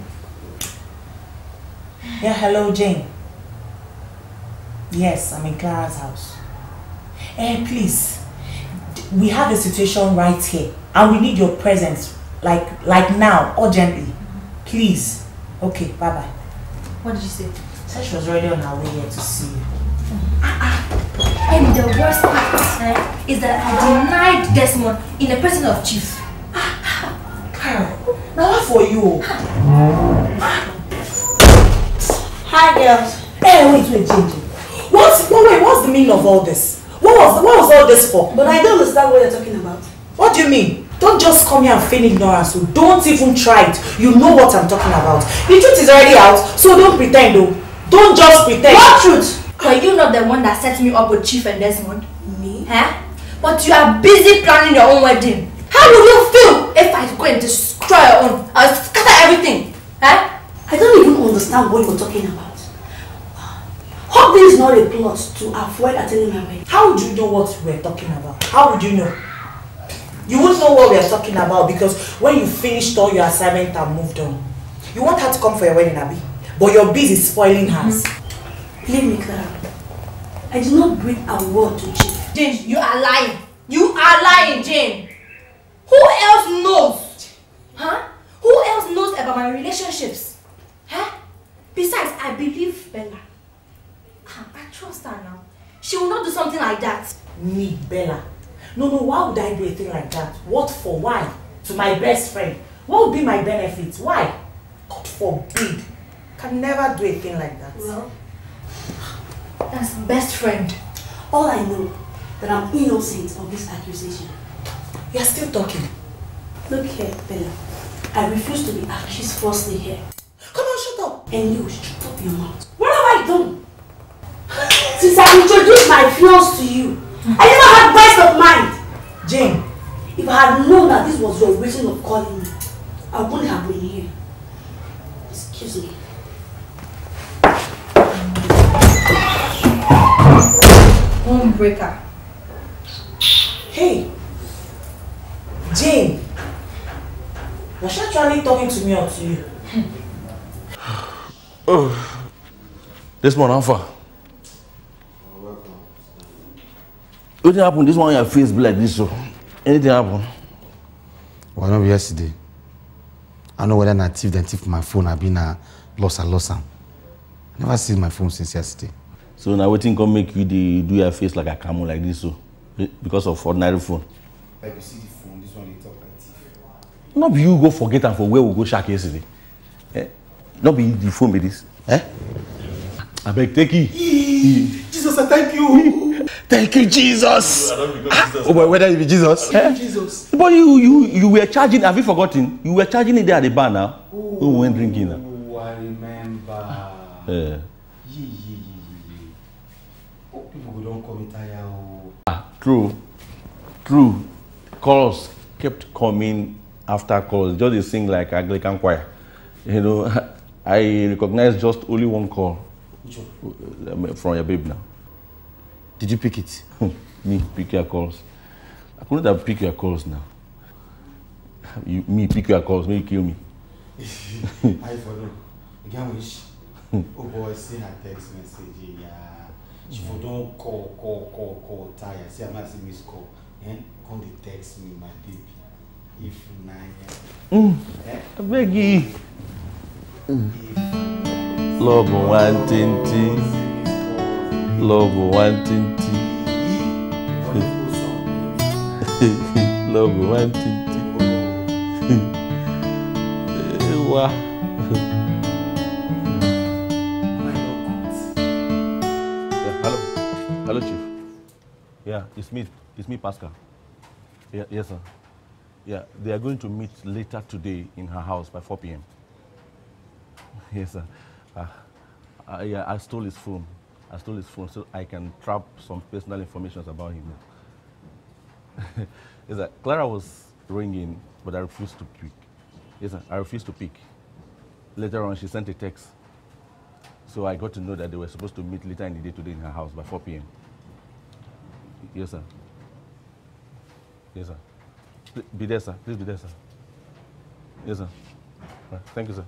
Yeah, hello, Jane. Yes, I'm in Clara's house. Eh, please. We have a situation right here and we need your presence like like now, urgently. Please. Okay, bye-bye. What did you say? Said she was already on her way here to see you. Ah. And the worst part eh, is that I denied Desmond in the presence of Chief. Now what for you? Hi girls. Hey, eh, wait, wait, Ginger. What's, no, wait, what's the meaning of all this? What was, what was all this for? But I don't understand what you're talking about. What do you mean? Don't just come here and feign ignorance. So don't even try it. You know what I'm talking about. The truth is already out, so don't pretend though. Don't just pretend. What truth? Were you not the one that set me up with Chief and Desmond? Me? Huh? But you are busy planning your own wedding. How would you feel if I go and destroy your own? I'll scatter everything. Huh? I don't even understand what you're talking about. Hope this is not a plot to avoid attending my wedding. How would you know what we're talking about? How would you know? You won't know what we are talking about because when you finished all your assignment and moved on, you want her to come for your wedding, Abby. But your biz is spoiling hers. Mm -hmm. Believe me, Clara. I did not breathe a word to Jane. Jane, you are lying. You are lying, Jane. Who else knows? Huh? Who else knows about my relationships? Huh? Besides, I believe Bella. Ah, I, trust her now. She will not do something like that. Me, Bella. No, no, why would I do a thing like that? What for? Why? To my best friend. What would be my benefits? Why? God forbid. Can never do a thing like that. Well, that's best friend. All I know that I'm innocent of this accusation. You're still talking. Look here, Bella. I refuse to be accused falsely here. Come on, shut up! And you, shut up your mouth. What have I done? Since I introduced my fears to you, I never had best of mind. Jane, if I had known that this was your reason of calling me, I wouldn't have been here. Excuse me. Homebreaker. Hey, Jane, was she actually talking to me or to you? oh, this one, Alpha. What happened? This one, your face black. this, so anything happen? Well, not yesterday. I know whether I thief dem thief my phone I've been a loss and loss am. Never seen my phone since yesterday so na wetin come make you dey do your face like akamu like this so because of ordinary phone. like you see the phone this one dey talk like thief. no be you go forget am for where we go shark yesterday eh no be the phone be this eh abeg take it. Eee, jesus i thank you. thank you jesus. ah oh boy whether you be jesus. eh jesus. but you you you were charging have you forgotten you were charging it there at the bar now. Ooh, when went drinking na. oh i remember. Eh. ah true true Calls kept coming after calls. just dey sing like Anglican choir you know I recognize just only one call um, from your babe now. Did you pick it? Hmm, me pick your calls. I couldn't have pick your calls now. You, me pick your calls, make you kill me. I follow. Again, wish. Hmm. Oh boy, see her text message. Yeah she for don call call call call tire say i see miss call eh come dey text me my baby if na mm. eh abeg mm. love one tinti love one tinti love one tinti eh, wa. Hello, Chief. Yeah, it's me. It's me, Pascal. Yeah, yes, sir. Yeah, they are going to meet later today in her house by 4 p.m. Yes, sir. Uh, I, uh, yeah, I stole his phone. I stole his phone so I can trap some personal information about him. yes, sir. Clara was ringing, but I refused to pick. Yes, sir. I refused to pick. Later on, she sent a text. So I got to know that they were supposed to meet later in the day today in her house by 4 p.m. Yes, sir. Yes, sir. Be there, sir. Please be there, sir. Yes, sir. Right. Thank you, sir.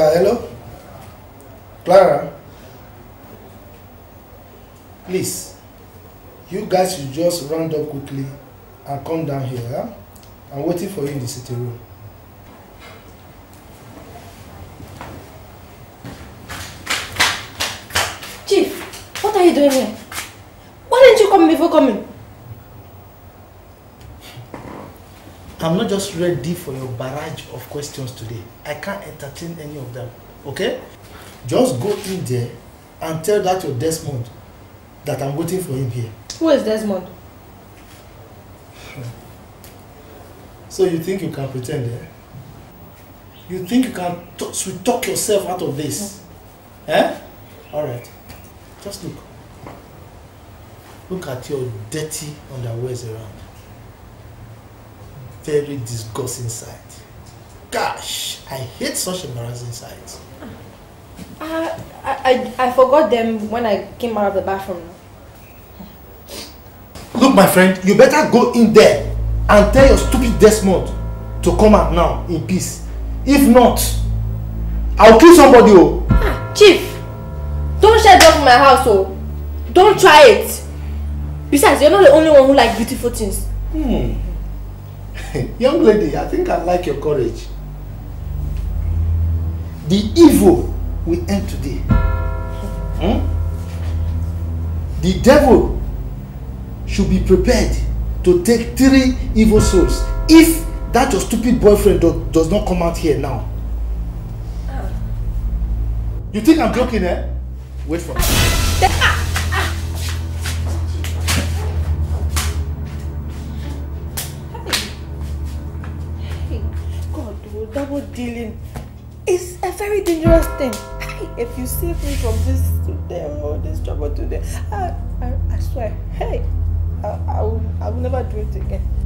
Yeah, hello? Clara? Please, you guys should just round up quickly and come down here. Huh? I'm waiting for you in the city room. Chief, what are you doing here? Why didn't you come before coming? I'm not just ready for your barrage of questions today. I can't entertain any of them. Okay? Just go in there and tell that your Desmond that I'm waiting for him here. Who is Desmond? So you think you can pretend, eh? You think you can sweet talk yourself out of this? No. Mm. Eh? Alright. Just look. Look at your dirty underwears around very disgusting sight. Gosh, I hate such embarrassing sights. Uh, I, I, I forgot them when I came out of the bathroom. Look, my friend, you better go in there and tell your stupid Desmond to come out now in peace. If not, I'll kill somebody. Oh. Ah, chief, don't share drugs in my house. Oh. Don't try it. Besides, you're not the only one who likes beautiful things. Hmm. Young lady, I think I like your courage. The evil will end today. Hmm? The devil should be prepared to take three evil souls if that your stupid boyfriend do does not come out here now. Oh. You think I'm joking, eh? Wait for me. dangerous thing. If you save me from this today, or this trouble today, I, I, I swear, hey, I, I, will, I will never do it again.